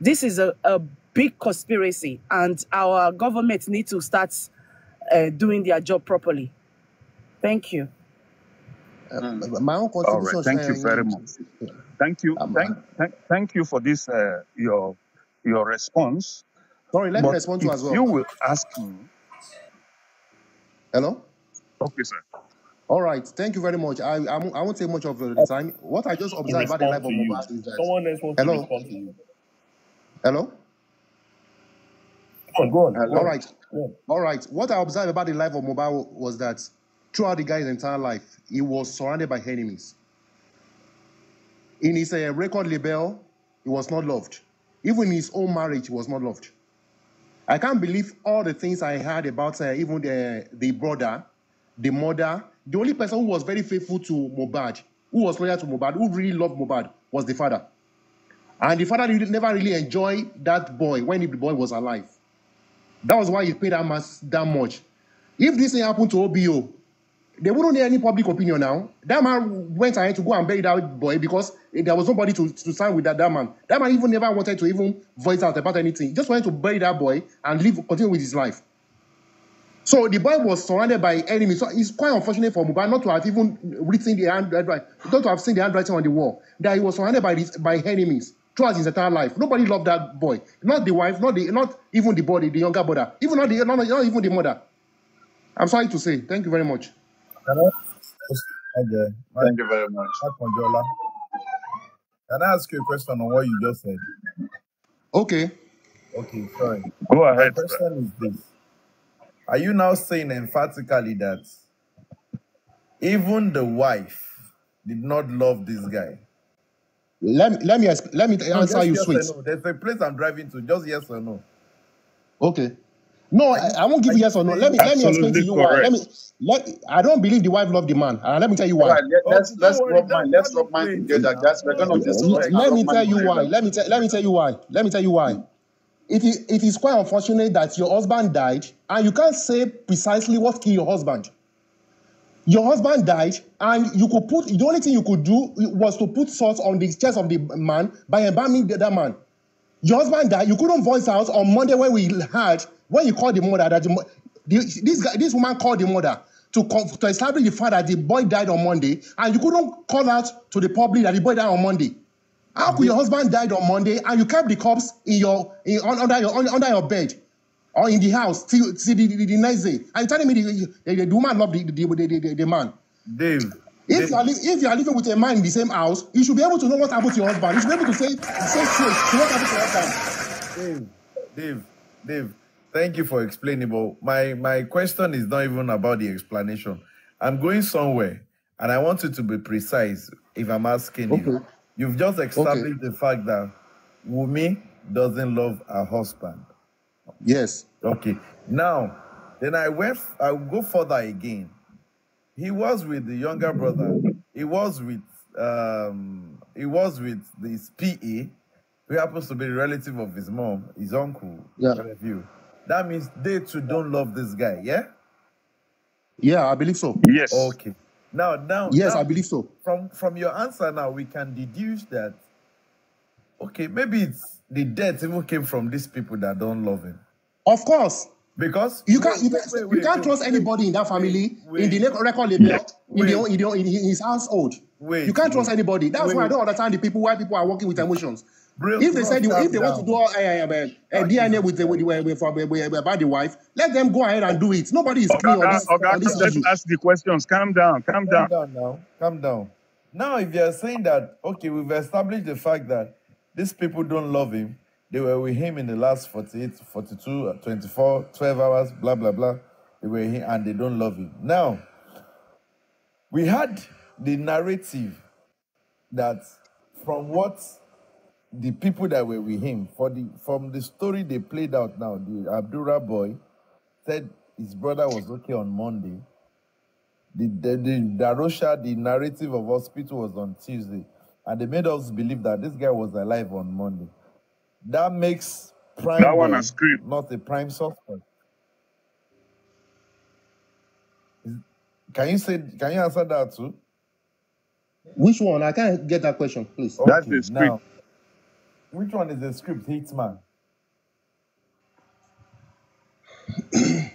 This is a, a big conspiracy, and our government need to start uh, doing their job properly. Thank you. Uh, my own contribution. All right. Thank you very much. Thank you. thank, thank, thank you for this, uh, your, your response. Sorry, let but me respond to as well. You will ask me. Hello? Okay, sir. All right. Thank you very much. I, I, I won't take much of uh, the time. What I just observed about the life of mobile is that... Someone else wants Hello? to respond to you. Hello? Go on, go on. All right. On. All right. What I observed about the life of mobile was that throughout the guy's entire life, he was surrounded by enemies. In his uh, record label, he was not loved. Even in his own marriage, he was not loved. I can't believe all the things I heard about uh, even the, the brother, the mother. The only person who was very faithful to Mobad, who was loyal to Mobad, who really loved Mobad, was the father. And the father never really enjoyed that boy when the boy was alive. That was why he paid that, much. If this thing happened to OBO, They wouldn't hear any public opinion now. That man went ahead to go and bury that boy because there was nobody to, to sign with that, that man. That man even never wanted to even voice out about anything. He just wanted to bury that boy and live, continue with his life. So the boy was surrounded by enemies. So it's quite unfortunate for Mubarak not to have even written the handwriting, not to have seen the handwriting on the wall, that he was surrounded by this, by enemies throughout his entire life. Nobody loved that boy. Not the wife, not the not even the body, the younger brother, even not the not, not even the mother. I'm sorry to say. Thank you very much. Can I, okay. My, Thank you very much. Akonjola. Can I ask you a question on what you just said? Okay. Okay, sorry. Go ahead. The question bro. is this. Are you now saying emphatically that even the wife did not love this guy? Let, let me let me answer yes, you yes sweet. No. There's a place I'm driving to. Just yes or no. Okay. No, I, I won't give you yes or no. Let me let me explain to you correct. why. Let me let I don't believe the wife loved the man. Uh, let me tell you why. Right, let, us oh, let's rub mind. Let's rub mind together. That's we're gonna Let, let me tell you why. Let me tell let me tell you why. Let me tell you why. If is it is quite unfortunate that your husband died and you can't say precisely what killed your husband. Your husband died, and you could put the only thing you could do was to put salt on the chest of the man by embalming the other man. Your husband died. You couldn't voice out on Monday when we had When you call the mother, that the, this guy, this woman called the mother to to establish the fact that the boy died on Monday, and you couldn't call out to the public that the boy died on Monday. How could your husband died on Monday and you kept the corpse in your in, under your under your bed or in the house till, till the, the, the next day? Are you telling me the, the, the woman loved the, the, the, the, the man? Dave. If Dave. you, are li- if you are living with a man in the same house, you should be able to know what happened to your husband. You should be able to say, say straight to what happened to your husband. Dave, Dave, Dave. Thank you for explaining. But my, my question is not even about the explanation. I'm going somewhere and I want you to be precise if I'm asking okay. you. You've just established okay. the fact that Wumi doesn't love her husband. Yes. Okay. Now, then I went. I will go further again. He was with the younger brother. He was with. Um, he was with this PE, who happens to be a relative of his mom, his uncle. Yeah. Nephew. That means they too don't love this guy, yeah? Yeah, I believe so. Yes. Okay. Now, now. Yes, now, I believe so. From from your answer now, we can deduce that. Okay, maybe it's the death even came from these people that don't love him. Of course. Because you can't wait, you, wait, you can't trust anybody in that family in the record label in, the, in, the, in his household. Wait, you can't trust anybody. That's why I don't understand the people why people are working with emotions. Real if they said if they want to do all, uh, uh, uh, DNA with the, with, with, with, with, the wife, let them go ahead and do it. Nobody is clear on this, on this issue. Ask the questions. Calm down. Calm down. Calm down now. Calm down. Now, if you are saying that, okay, we've established the fact that these people don't love him. They were with him in the last 48, 42, 24, 12 hours, blah, blah, blah. They were here and they don't love him. Now, we had the narrative that from what the people that were with him. For the from the story they played out now, the Abdullah boy said his brother was okay on Monday. The the, the Darosha, the narrative of hospital was on Tuesday, and they made us believe that this guy was alive on Monday. That makes prime that one a script. not a prime suspect. Can you say? Can you answer that too? Which one? I can't get that question, please. Okay, That's the script. Now, Which one is the script, Hitman?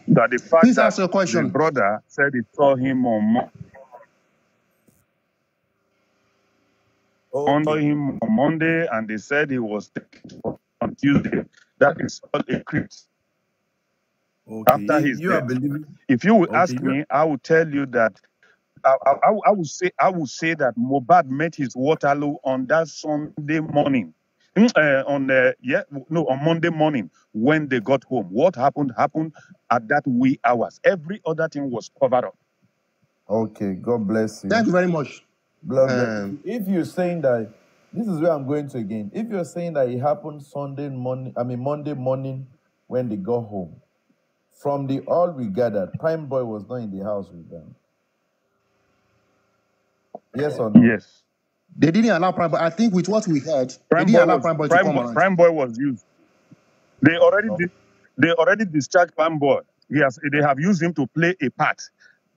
that the fact Please that ask a question. brother said he saw him on okay. under him on Monday, and they said he was on Tuesday. That is all a script. Okay. After his you death. If you would okay. ask me, I will tell you that I, I, I would say I would say that Mobad met his Waterloo on that Sunday morning. Hmm? uh, on uh, yeah no on Monday morning when they got home. What happened happened at that wee hours. Every other thing was covered up. Okay, God bless you. Thank you very much. Um, if you're saying that this is where I'm going to again. If you're saying that it happened Sunday morning, I mean Monday morning when they got home, from the all we gathered, Prime Boy was not in the house with them. Yes or no? Yes. They didn't allow Prime Boy. I think with what we heard, Prime they didn't allow was, Prime Boy Prime, to come on. Prime Boy was used. They already oh. did, they already discharged Prime Boy. Yes, they have used him to play a part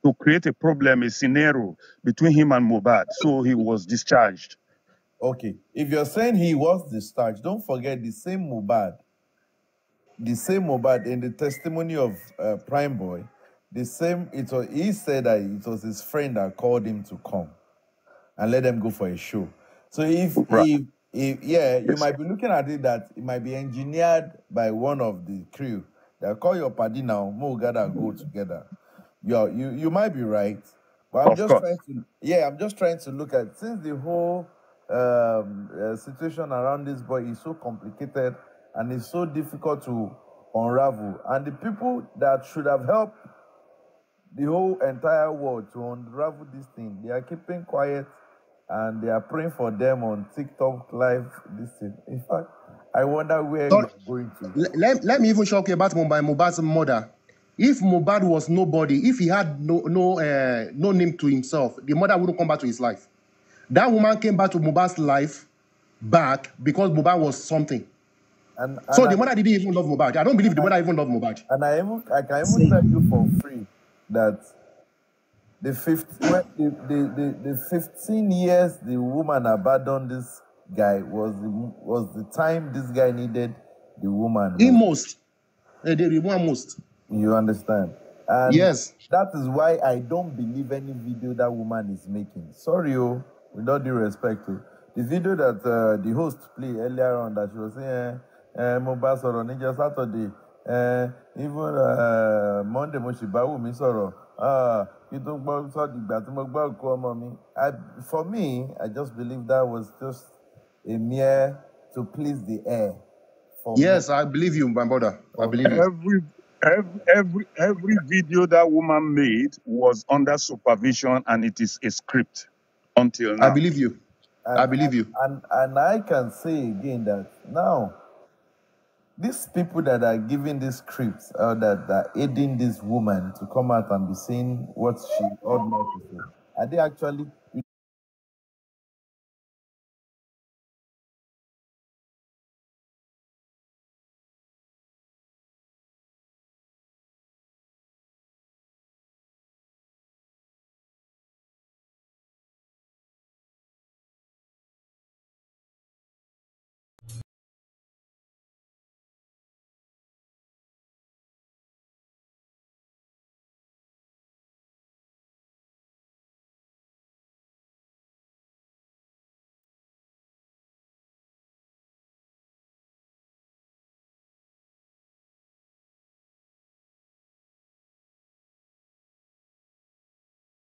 to create a problem, a scenario between him and Mobad. So he was discharged. Okay. If you're saying he was discharged, don't forget the same Mobad, the same Mobad in the testimony of uh, Prime Boy, the same, it was, he said that it was his friend that called him to come and let them go for a show. So if right. if, if yeah, yes. you might be looking at it that it might be engineered by one of the crew. they call your party now, move together, go together. You you you might be right. But I'm of just course. trying to yeah, I'm just trying to look at since the whole um, uh, situation around this boy is so complicated and it's so difficult to unravel. And the people that should have helped the whole entire world to unravel this thing, they are keeping quiet and they are praying for them on TikTok live. This thing. In fact, I wonder where Sorry. you're going to. Let, let me even shock you about Mumbai, Mubarak's mother. If Mubad was nobody, if he had no no uh, no name to himself, the mother wouldn't come back to his life. That woman came back to Mubad's life back because Mubad was something. And, and so I, the mother didn't even love Mubad. I don't believe the mother even loved Mubad. And I even I can even tell you for free that The, 15, the, the, the, the 15 years the woman abandoned this guy was the, was the time this guy needed the woman. Eh, the most. Uh, the woman most. You understand? And yes. That is why I don't believe any video that woman is making. Sorry, oh, with all due respect. Oh. The video that uh, the host played earlier on that she was saying, eh, eh mo bá sọ̀rọ̀ níjọ́ Saturday, eh, even uh, Monday mo ṣì bá wù mí sọ̀rọ̀. Ah, kí n tó gbọ́ sọ́ọ̀dì ìgbà tí mo gbọ́ òkú ọmọ mi for me I just believe that was just a mere to please the air. Yes, me. I believe you, my brother. I believe you. Every, every, every, every video that woman made was under supervision and it is a script until now. I believe you. And, I believe you. and, and I can say again that now these people that are giving these scripts or uh, that are aiding this woman to come out and be saying what she ought not to say, are they actually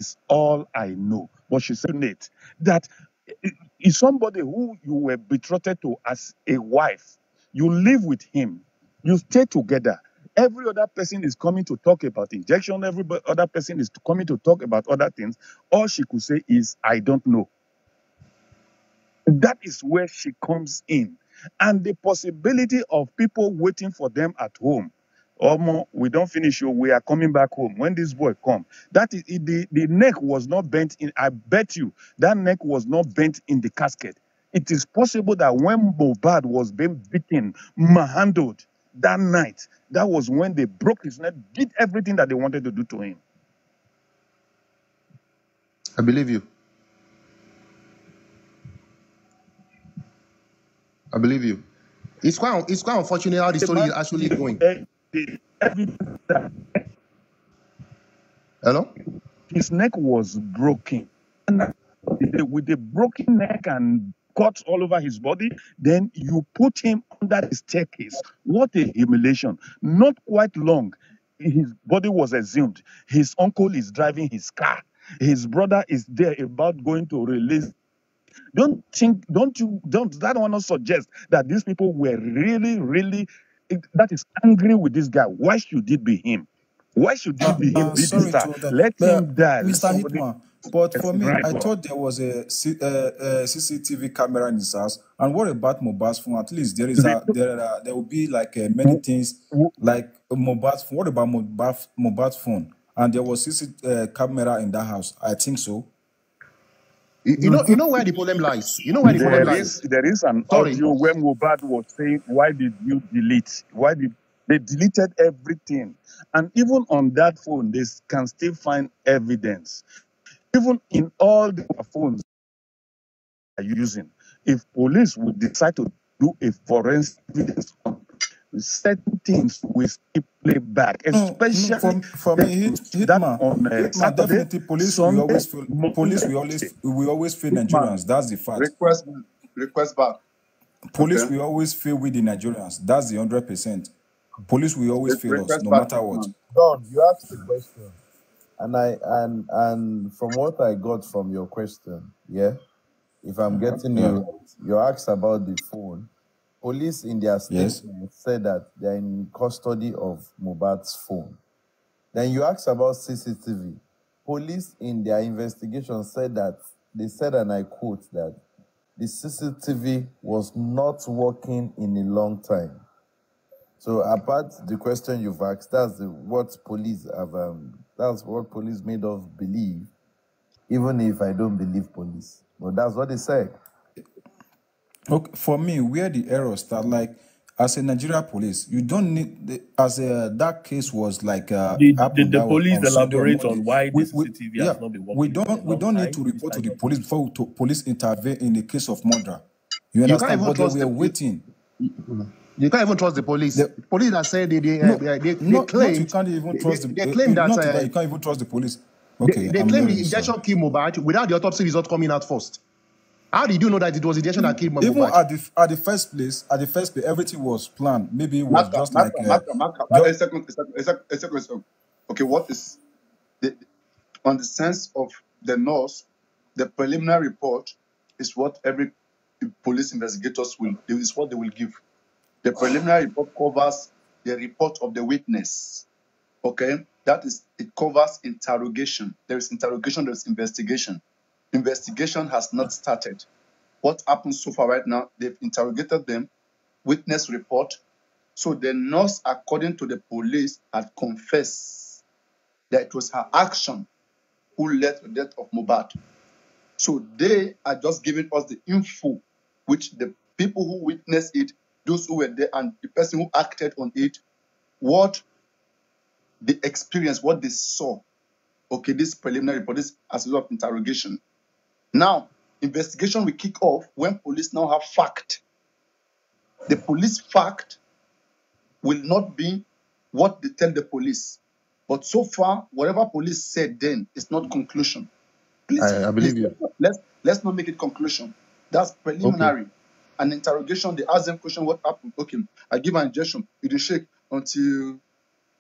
is all I know. But she said, Nate, that is somebody who you were betrothed to as a wife. You live with him, you stay together. Every other person is coming to talk about injection, every other person is coming to talk about other things. All she could say is, I don't know. That is where she comes in. And the possibility of people waiting for them at home Omo, we don't finish you. Oh, we are coming back home. When this boy come, that is the, the neck was not bent in. I bet you that neck was not bent in the casket. It is possible that when Bobad was being beaten, manhandled that night, that was when they broke his neck, did everything that they wanted to do to him. I believe you. I believe you. It's quite it's quite unfortunate how the story is actually going. Hello? His neck was broken. With a broken neck and cuts all over his body, then you put him under the staircase. What a humiliation. Not quite long. His body was exhumed. His uncle is driving his car. His brother is there about going to release don't think don't you don't that want to suggest that these people were really really that is angry with this guy. Why should it be him? Why should it ah, be him? Be ah, to Let but him die. Mr. Somebody... Hitman, but for me, I thought there was a, C uh, a uh, CCTV camera in his house. And what about mobile phone? At least there is a, there are, there will be like uh, many things like mobile phone. What about Mobad's phone? And there was CCTV uh, camera in that house. I think so. You know, you know where the problem lies. You know where the there problem is, lies. There is an Sorry. audio when Mubad was saying, "Why did you delete? Why did they deleted everything?" And even on that phone, they can still find evidence. Even in all the phones are using, if police would decide to do a forensic evidence on certain things we still play back, mm, mm, especially mm, for, for me, hit, hit that man, on uh, hit Saturday, definitely police. Sunday, we always fail, police. We always we always fail Nigerians. That's the fact. Request request back. Police. Okay. We always feel with the Nigerians. That's the hundred percent. Police. We always feel us, no matter what. Don, mm. you asked the question, and I and and from what I got from your question, yeah, if I'm mm-hmm. getting yeah. you, you asked about the phone Police in their statement yes. said that they're in custody of Mubat's phone. Then you asked about CCTV. Police in their investigation said that they said, and I quote, that the CCTV was not working in a long time. So apart the question you've asked, that's the, what police have. Um, that's what police made us believe, even if I don't believe police. But that's what they said. Okay, for me, where the error start, like as a Nigeria police, you don't need the, as a, that case was like uh, the, the, the police on elaborate Sunday, on why we, we, CCTV yeah, has not been We don't we don't need to report to the police before to police intervene in the case of murder. You understand? You but they are waiting. You can't even trust the police. The, police that said they they, no, they, they, not, you can't even trust they, the, they eh, claim that, uh, that, you can't even trust the police. Okay, they, they claim the injection so. came about without the autopsy result coming out first. How did you know that it was injection that killed Mama Even at the, at the first place, at the first place, everything was planned. Maybe it was just like... Okay, what is... The, on the sense of the north? the preliminary report is what every police investigators will is what they will give. The preliminary report covers the report of the witness. Okay, that is it covers interrogation. There is interrogation. There is investigation. Investigation has not started. What happened so far right now, they've interrogated them, witness report. So the nurse, according to the police, had confessed that it was her action who led to the death of Mubad. So they are just giving us the info, which the people who witnessed it, those who were there, and the person who acted on it, what they experienced, what they saw. Okay, this preliminary report, this as a result of interrogation. Now, investigation will kick off when police now have fact. The police fact will not be what they tell the police. But so far, whatever police said then is not conclusion. Please, I, I believe please, you. Let's let's not make it conclusion. That's preliminary. Okay. An interrogation, they ask them question, what happened? Okay, I give an injection, It will shake until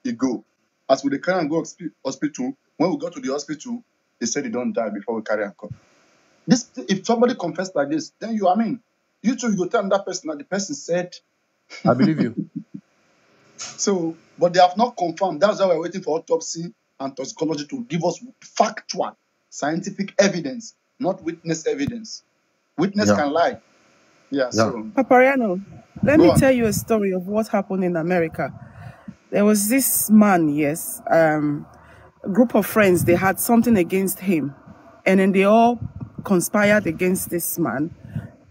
it go. As we the carry and go hospital, when we go to the hospital, they said they don't die before we carry and come. This, if somebody confessed like this, then you, I mean, you too, you tell that person that the person said, I believe you. so, but they have not confirmed. That's why we're waiting for autopsy and toxicology to give us factual scientific evidence, not witness evidence. Witness yeah. can lie. Yeah, yeah. so. Papariano, let Go me on. tell you a story of what happened in America. There was this man, yes, um, group of friends, they had something against him. And then they all conspired against this man.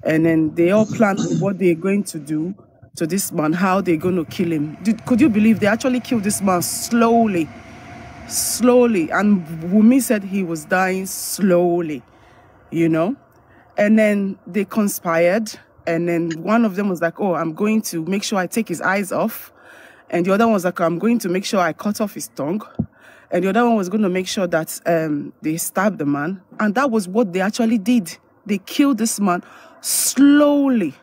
And then they all planned what they're going to do to this man, how they're going to kill him. Did, could you believe they actually killed this man slowly? Slowly. And Wumi said he was dying slowly, you know? And then they conspired. And then one of them was like, oh, I'm going to make sure I take his eyes off. And the other one was like, I'm going to make sure I cut off his tongue and the other one was going to make sure that um, they stabbed the man. And that was what they actually did. They killed this man slowly.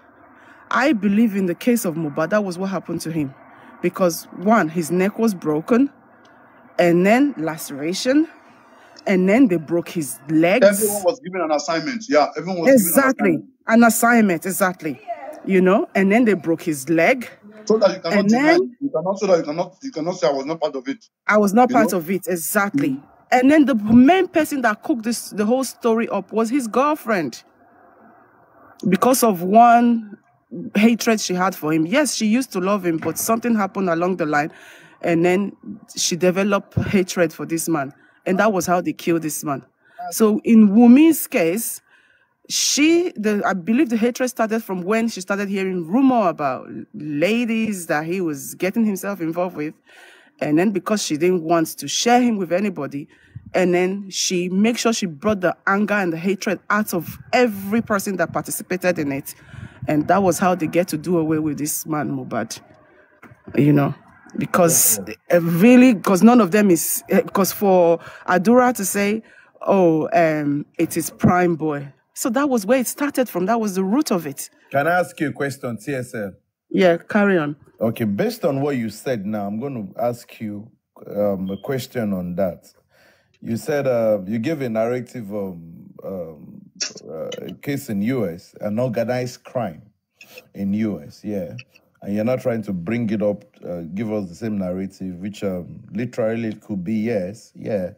I believe in the case of Mubarak, that was what happened to him. Because one, his neck was broken, and then laceration, and then they broke his legs. Everyone was given an assignment. Yeah, everyone was exactly. An assignment. an assignment. exactly. You know, and then they broke his leg so that you cannot deny, you cannot so that you cannot you cannot say I was not part of it. I was not part know? of it exactly. Mm. And then the main person that cooked this the whole story up was his girlfriend because of one hatred she had for him. Yes, she used to love him, but something happened along the line, and then she developed hatred for this man, and that was how they killed this man. So in Wumi's case, she the i believe the hatred started from when she started hearing rumor about ladies that he was getting himself involved with and then because she didn't want to share him with anybody and then she make sure she brought the anger and the hatred out of every person that participated in it and that was how they get to do away with this man mubad you know because yeah. really because none of them is because eh, for adura to say oh um it is prime boy so that was where it started from. That was the root of it. Can I ask you a question, TSL? Yeah, carry on. Okay, based on what you said now, I'm going to ask you um, a question on that. You said uh, you gave a narrative of um, uh, a case in US, an organized crime in US, yeah. And you're not trying to bring it up, uh, give us the same narrative, which um, literally it could be yes, yeah.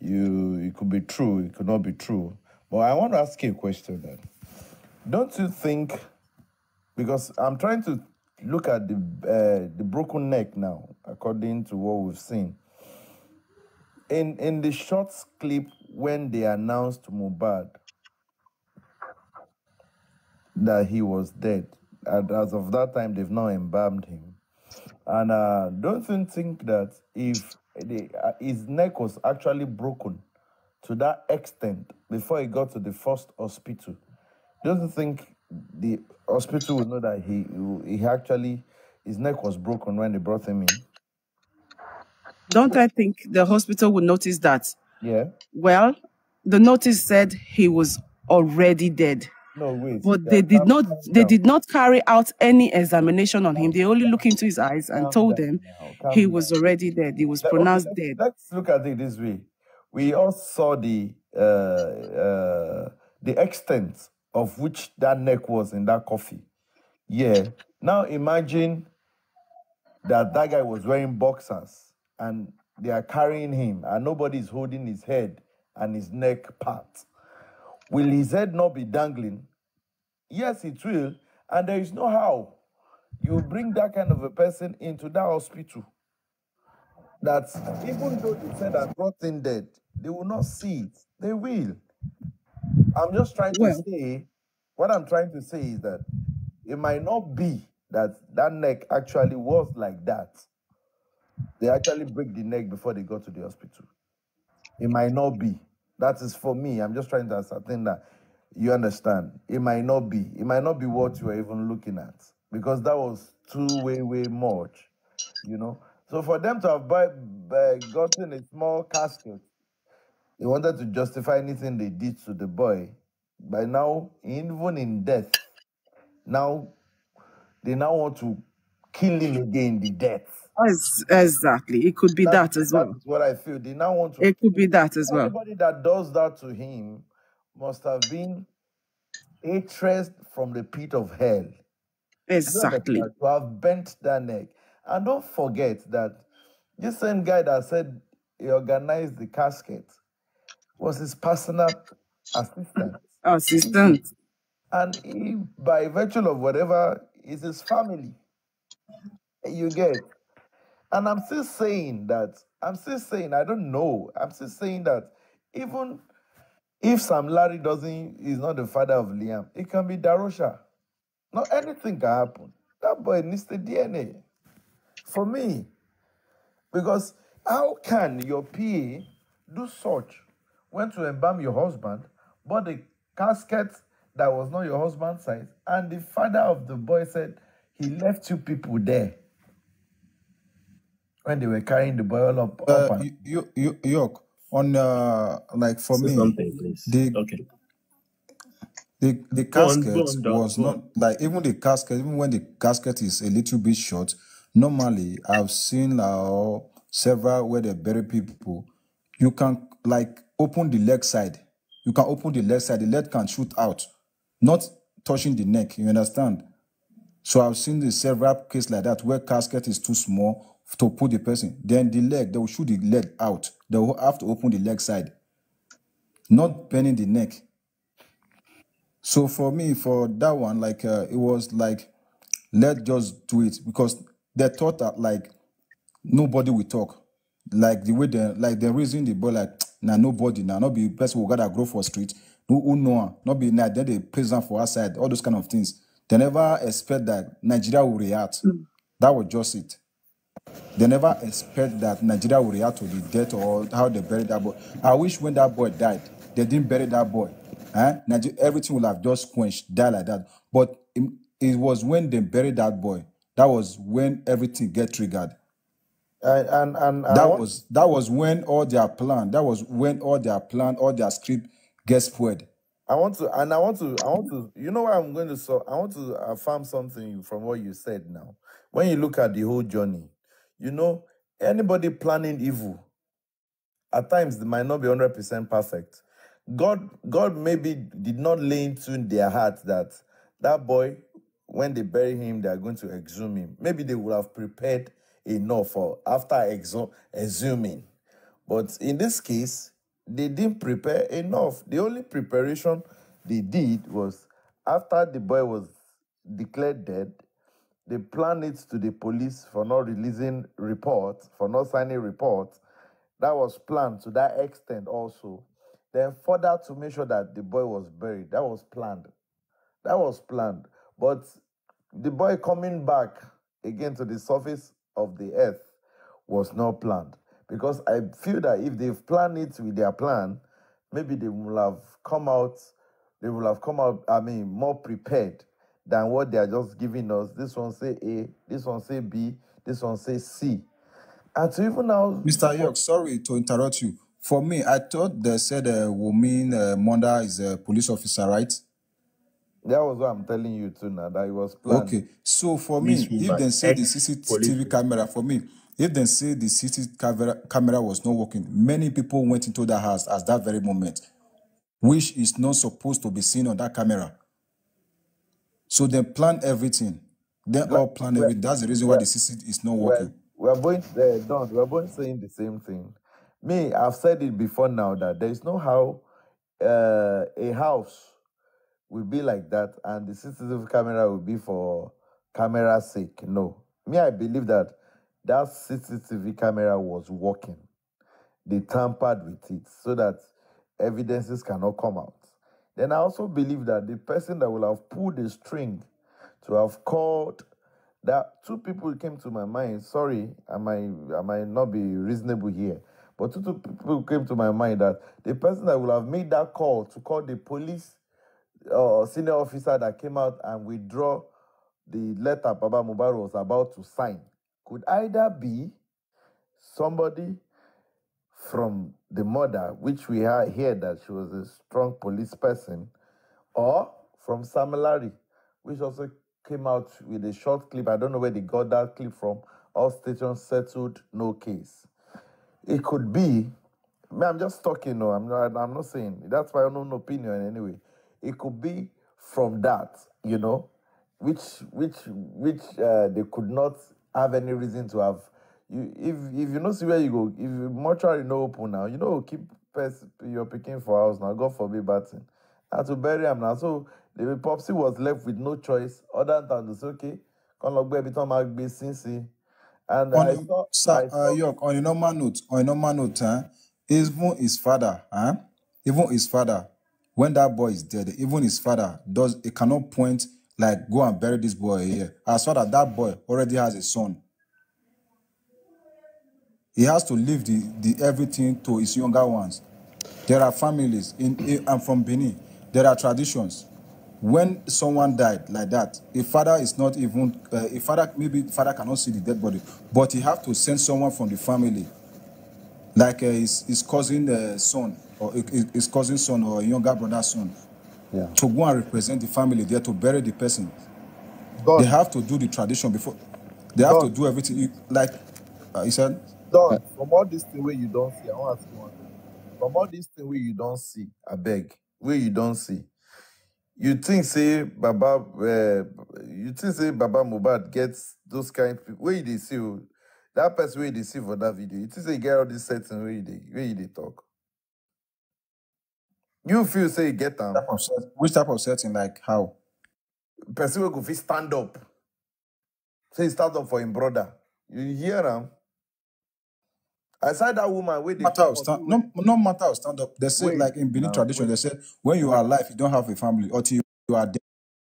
You, it could be true, it could not be true. But I want to ask you a question then. Don't you think, because I'm trying to look at the uh, the broken neck now, according to what we've seen. In in the short clip when they announced Mubad that he was dead, and as of that time they've now embalmed him. And uh, don't you think that if the, uh, his neck was actually broken, to that extent before he got to the first hospital. don't think the hospital would know that he he actually his neck was broken when they brought him in? Don't I think the hospital would notice that? Yeah. Well, the notice said he was already dead. No, wait. But they did not they did not carry out any examination on him. They only looked into his eyes and told them he was already dead. He was pronounced dead. Let's look at it this way we all saw the uh, uh, the extent of which that neck was in that coffee. Yeah. Now imagine that that guy was wearing boxers and they are carrying him and nobody is holding his head and his neck part. Will his head not be dangling? Yes, it will. And there is no how. You bring that kind of a person into that hospital. That even though they said I brought in dead, they will not see it. They will. I'm just trying well, to say, what I'm trying to say is that it might not be that that neck actually was like that. They actually break the neck before they go to the hospital. It might not be. That is for me. I'm just trying to ascertain that you understand. It might not be. It might not be what you are even looking at because that was too way way much, you know. So for them to have buy, buy, uh, gotten a small casket they wanted to justify anything they did to the boy. By now, even in death, now they now want to kill him again the death. exactly. It could be that, that as well. That's what I feel. They now want to. It could be that as well. Anybody that does that to him must have been hatred from the pit of hell. Exactly. You know, to have bent their neck. And don't forget that this same guy that said he organized the casket was his personal assistant. Assistant. And he, by virtue of whatever, is his family. You get. And I'm still saying that, I'm still saying, I don't know. I'm still saying that even if Sam Larry doesn't, is not the father of Liam, it can be Darosha. Not anything can happen. That boy needs the DNA. For me. Because how can your PA do such went to embalm your husband, bought a casket that was not your husband's size, and the father of the boy said he left two people there when they were carrying the boy up. Uh, up and... you, you, York, on uh, like for Say me, something, please. The, okay. The, the casket go on, go on, was not like even the casket, even when the casket is a little bit short. Normally, I've seen uh, several where they bury people. You can like open the leg side. You can open the leg side. The leg can shoot out, not touching the neck. You understand? So I've seen the several cases like that where casket is too small to put the person. Then the leg, they will shoot the leg out. They will have to open the leg side, not bending the neck. So for me, for that one, like uh, it was like, let's just do it because they thought that like nobody will talk. like the way they like dem reason the boy like na nobody na not be person wey gather grow for street who who know am no be now dem dey place am for outside all those kind of things they never expect that nigeria will react mm. that was just it they never expect that nigeria will react to the death or how they buried that boy i wish when that boy died they didn't bury that boy eh? nigeria everything will have just quenched die like that but it, it was when they buried that boy that was when everything get triggered And, and, and that want... was that was when all their plan. That was when all their plan, all their script gets spread. I want to, and I want to, I want to. You know what I'm going to so I want to affirm something from what you said now. When you look at the whole journey, you know anybody planning evil, at times they might not be 100 percent perfect. God, God maybe did not lay into their heart that that boy, when they bury him, they are going to exhume him. Maybe they would have prepared enough for after exo exhuming. But in this case, they didn't prepare enough. The only preparation they did was after the boy was declared dead, they planned it to the police for not releasing reports, for not signing reports. That was planned to that extent also. Then further to make sure that the boy was buried. That was planned. That was planned. But the boy coming back again to the surface of the earth was not planned. Because I feel that if they've planned it with their plan, maybe they will have come out, they will have come out, I mean, more prepared than what they are just giving us. This one say A, this one say B, this one say C. And so even now, Mr. York, sorry to interrupt you. For me, I thought they said uh, woman, uh, Monda is a police officer, right? That was what I'm telling you too now, that it was planned. Okay, so for me, if they say the CCTV camera, for me, if they say the CCTV camera, camera was not working, many people went into that house at that very moment, which is not supposed to be seen on that camera. So they plan everything. They but, all plan everything. That's the reason why the CCTV is not working. We're both, uh, not we're both saying the same thing. Me, I've said it before now that there is no how uh, a house will be like that, and the CCTV camera will be for camera's sake. No. Me, I believe that that CCTV camera was working. They tampered with it so that evidences cannot come out. Then I also believe that the person that will have pulled the string to have called that two people came to my mind. Sorry, I might I might not be reasonable here, but two, two people came to my mind that the person that will have made that call to call the police uh, senior officer that came out and withdraw the letter Baba Mubarak was about to sign could either be somebody from the mother, which we here that she was a strong police person, or from Samilari, which also came out with a short clip. I don't know where they got that clip from. All stations settled, no case. It could be. I'm just talking. No, I'm not. I'm not saying that's my own opinion anyway it could be from that, you know, which which which uh, they could not have any reason to have. You if if you know see where you go, if mortuary no open now, you know keep pers- your picking for house now. God forbid but thing. to bury him now, so the popsy was left with no choice other than to say, okay, come look baby, Tom Agbe, Cincy. And on, sir, I uh, saw, uh, York, on a normal note, on a normal note, huh? Eh, even his father, huh? Eh, even his father, when that boy is dead, even his father does it cannot point like go and bury this boy here. As far that that boy already has a son. He has to leave the, the everything to his younger ones. There are families in, in I'm from Benin. There are traditions. When someone died like that, a father is not even uh, a father. Maybe father cannot see the dead body, but he have to send someone from the family Like uh, his, his cousin uh, son, or his cousin son, or younger brother's son, yeah. to go and represent the family there to bury the person. They have to do the tradition before. They have to do everything. You, like uh, he said. Don, from all this thing where you don't see, I want to ask you one thing. From all this thing where you don't see, I beg, where you don't see, you think say Baba, uh, you think say Baba Mubad gets those kind of people. Where you they see oh, That person where they see for that video it is a e get all dis setting wey you dey talk. you feel say you get am which type of setting like how person wey go fit stand up say stand up for him brother you hear him. I aside that woman wey dey no no matter of stand up they say like in benin tradition they say when you are alive you don't have a family until you are dead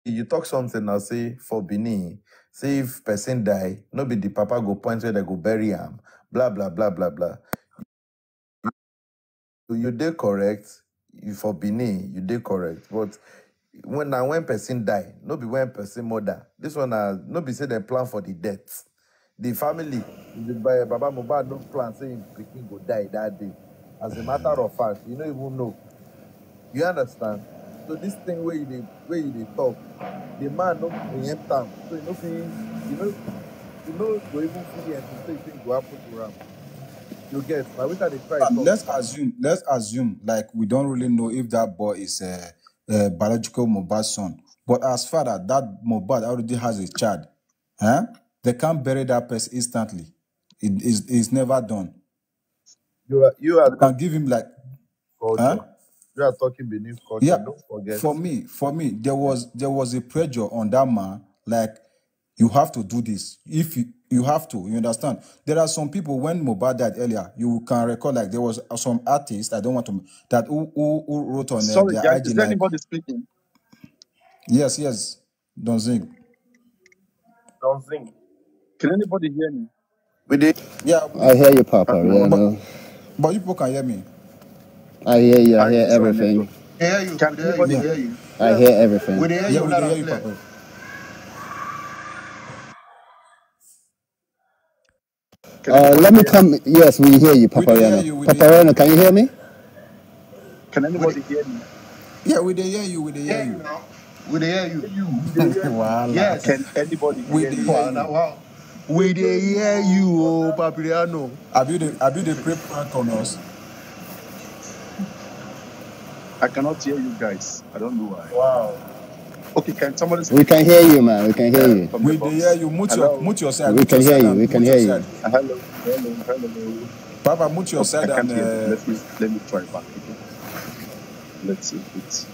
you talk something I say for benin say if person die no be the papa go point where they go bury am blah blah blah blah blah you dey correct you for benin you dey correct but when na when person die no be when person murder this one na no be say dem plan for the death the family the baba mohbad no plan say him pikin go die that day as a matter of fact you no even know you understand So this thing wey you dey wey you dey talk the man no preempt am so you no fit you no you no go even fit anticipate thing go happen to am you get na wetin i dey try um, talk. let's assume let's assume like we don really know if that boy is a uh, uh, biological Mohbad son but as father that Mohbad already has a child huh? they can't bury that person instantly it is never done. you are you are. you can give him like. Huh? are talking beneath culture. Yeah. Don't forget. For me, for me, there was there was a pressure on that man. Like you have to do this. If you you have to, you understand. There are some people when Mobad died earlier, you can recall like there was some artist I don't want to that who who, who wrote on uh, Sorry, uh, their guys, IG, is like, anybody speaking? Yes, yes. Don't sing. Don't sing. Can anybody hear me? We did. Yeah. I hear you, Papa. Yeah, but, no. but you people can hear me. I hear you. I hear everything. Hear you. Can hear you. Hear you. I hear everything. We hear you loud and clear. Uh, let me come. Yes, we hear you, Paparino. Paparino, can you hear me? Can anybody hear me? Yeah, we hear you. We hear you. We hear you. wow. Yes. Can anybody hear you? Wow. We hear you, oh, Papiriano. Have you the have you the prep on us? I cannot hear you guys. I don't know why. Wow. Okay, can somebody? we can hear you, man. We can hear you. we can hear you. Mute, your, mute We mute can hear you. We can hear you. Uh, hello, hello, hello. Papa, mute yourself. okay, and, uh, let me let me try back again. Let's see if it's.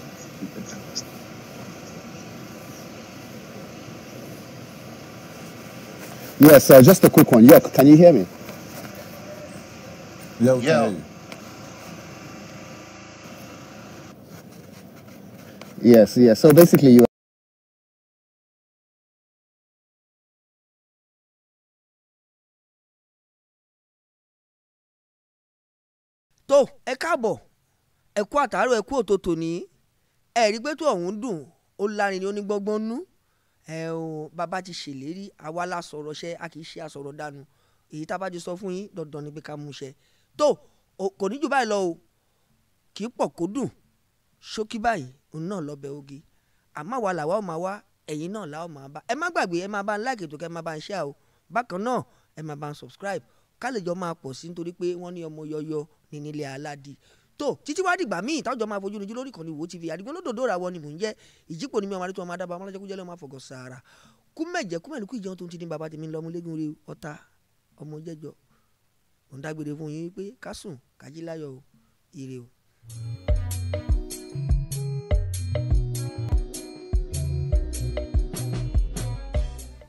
Yes, uh, just a quick one. York, can you hear me? Yeah, yeah. Yes, yes. So basically, you tó ẹ káàbọ̀ ẹ kú àtàárọ̀ ẹ kú òtòtò ní ẹ̀rí pé tó ọ̀hún dùn ó lárin ni ó ní gbọ́ngbọ́n nú ẹ o bàbá ti ṣèlérí àwa la sọ̀rọ̀ ṣẹ a kì í ṣe àsọ̀rọ̀ dànù èyí tá a bá ti sọ fún yín dandan ni pé ká mú ṣẹ tó kò ní jù báyìí lọ o kì í pọ̀ kó dùn ṣókí báyìí òun náà lọ́bẹ̀ ogi àmọ́ wa làwa ò máa wá ẹ̀yin náà làwa ò máa bá ẹ má gbàgbé ẹ máa bá ń like ètò kẹ ẹ máa bá ń share o bákan náà ẹ máa bá ń subscribe ká lè jọ máa pọ̀ sí nítorí pé wọ́n ní ọmọ yọyọ ní nílẹ̀ aládì tó títí wá dìgbà míì táwọn máa fojú lójú lórí ìkànnì Wo TV àdìgbò lódòdó ra wọn ni mò ń jẹ́ ìjípò ni mi ọmọ adétọ́ ọmọ adábọ̀ ọmọlájọ́ kújẹ́ lọ́mọ àfọ̀gọ́ sàárà kúmẹ̀jẹ̀ ọmọ jẹ́jọ́ òǹdàgbére fún yín pé ká sùn kájí láyọ̀ o ire o.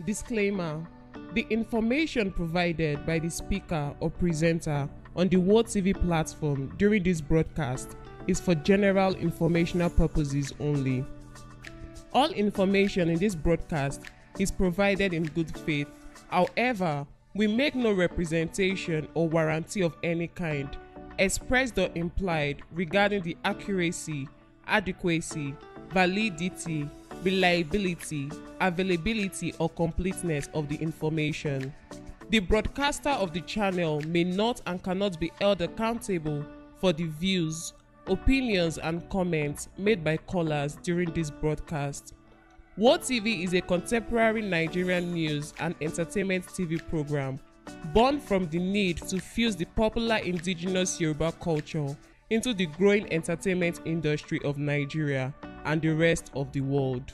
Disclaimer The information provided by the speaker or presenter on the World TV platform during this broadcast is for general informational purposes only. All information in this broadcast is provided in good faith. However, we make no representation or warranty of any kind, expressed or implied, regarding the accuracy, adequacy, validity, reliability, availability, or completeness of the information. The broadcaster of the channel may not and cannot be held accountable for the views, opinions, and comments made by callers during this broadcast. What TV is a contemporary Nigerian news and entertainment TV program born from the need to fuse the popular indigenous Yoruba culture into the growing entertainment industry of Nigeria and the rest of the world.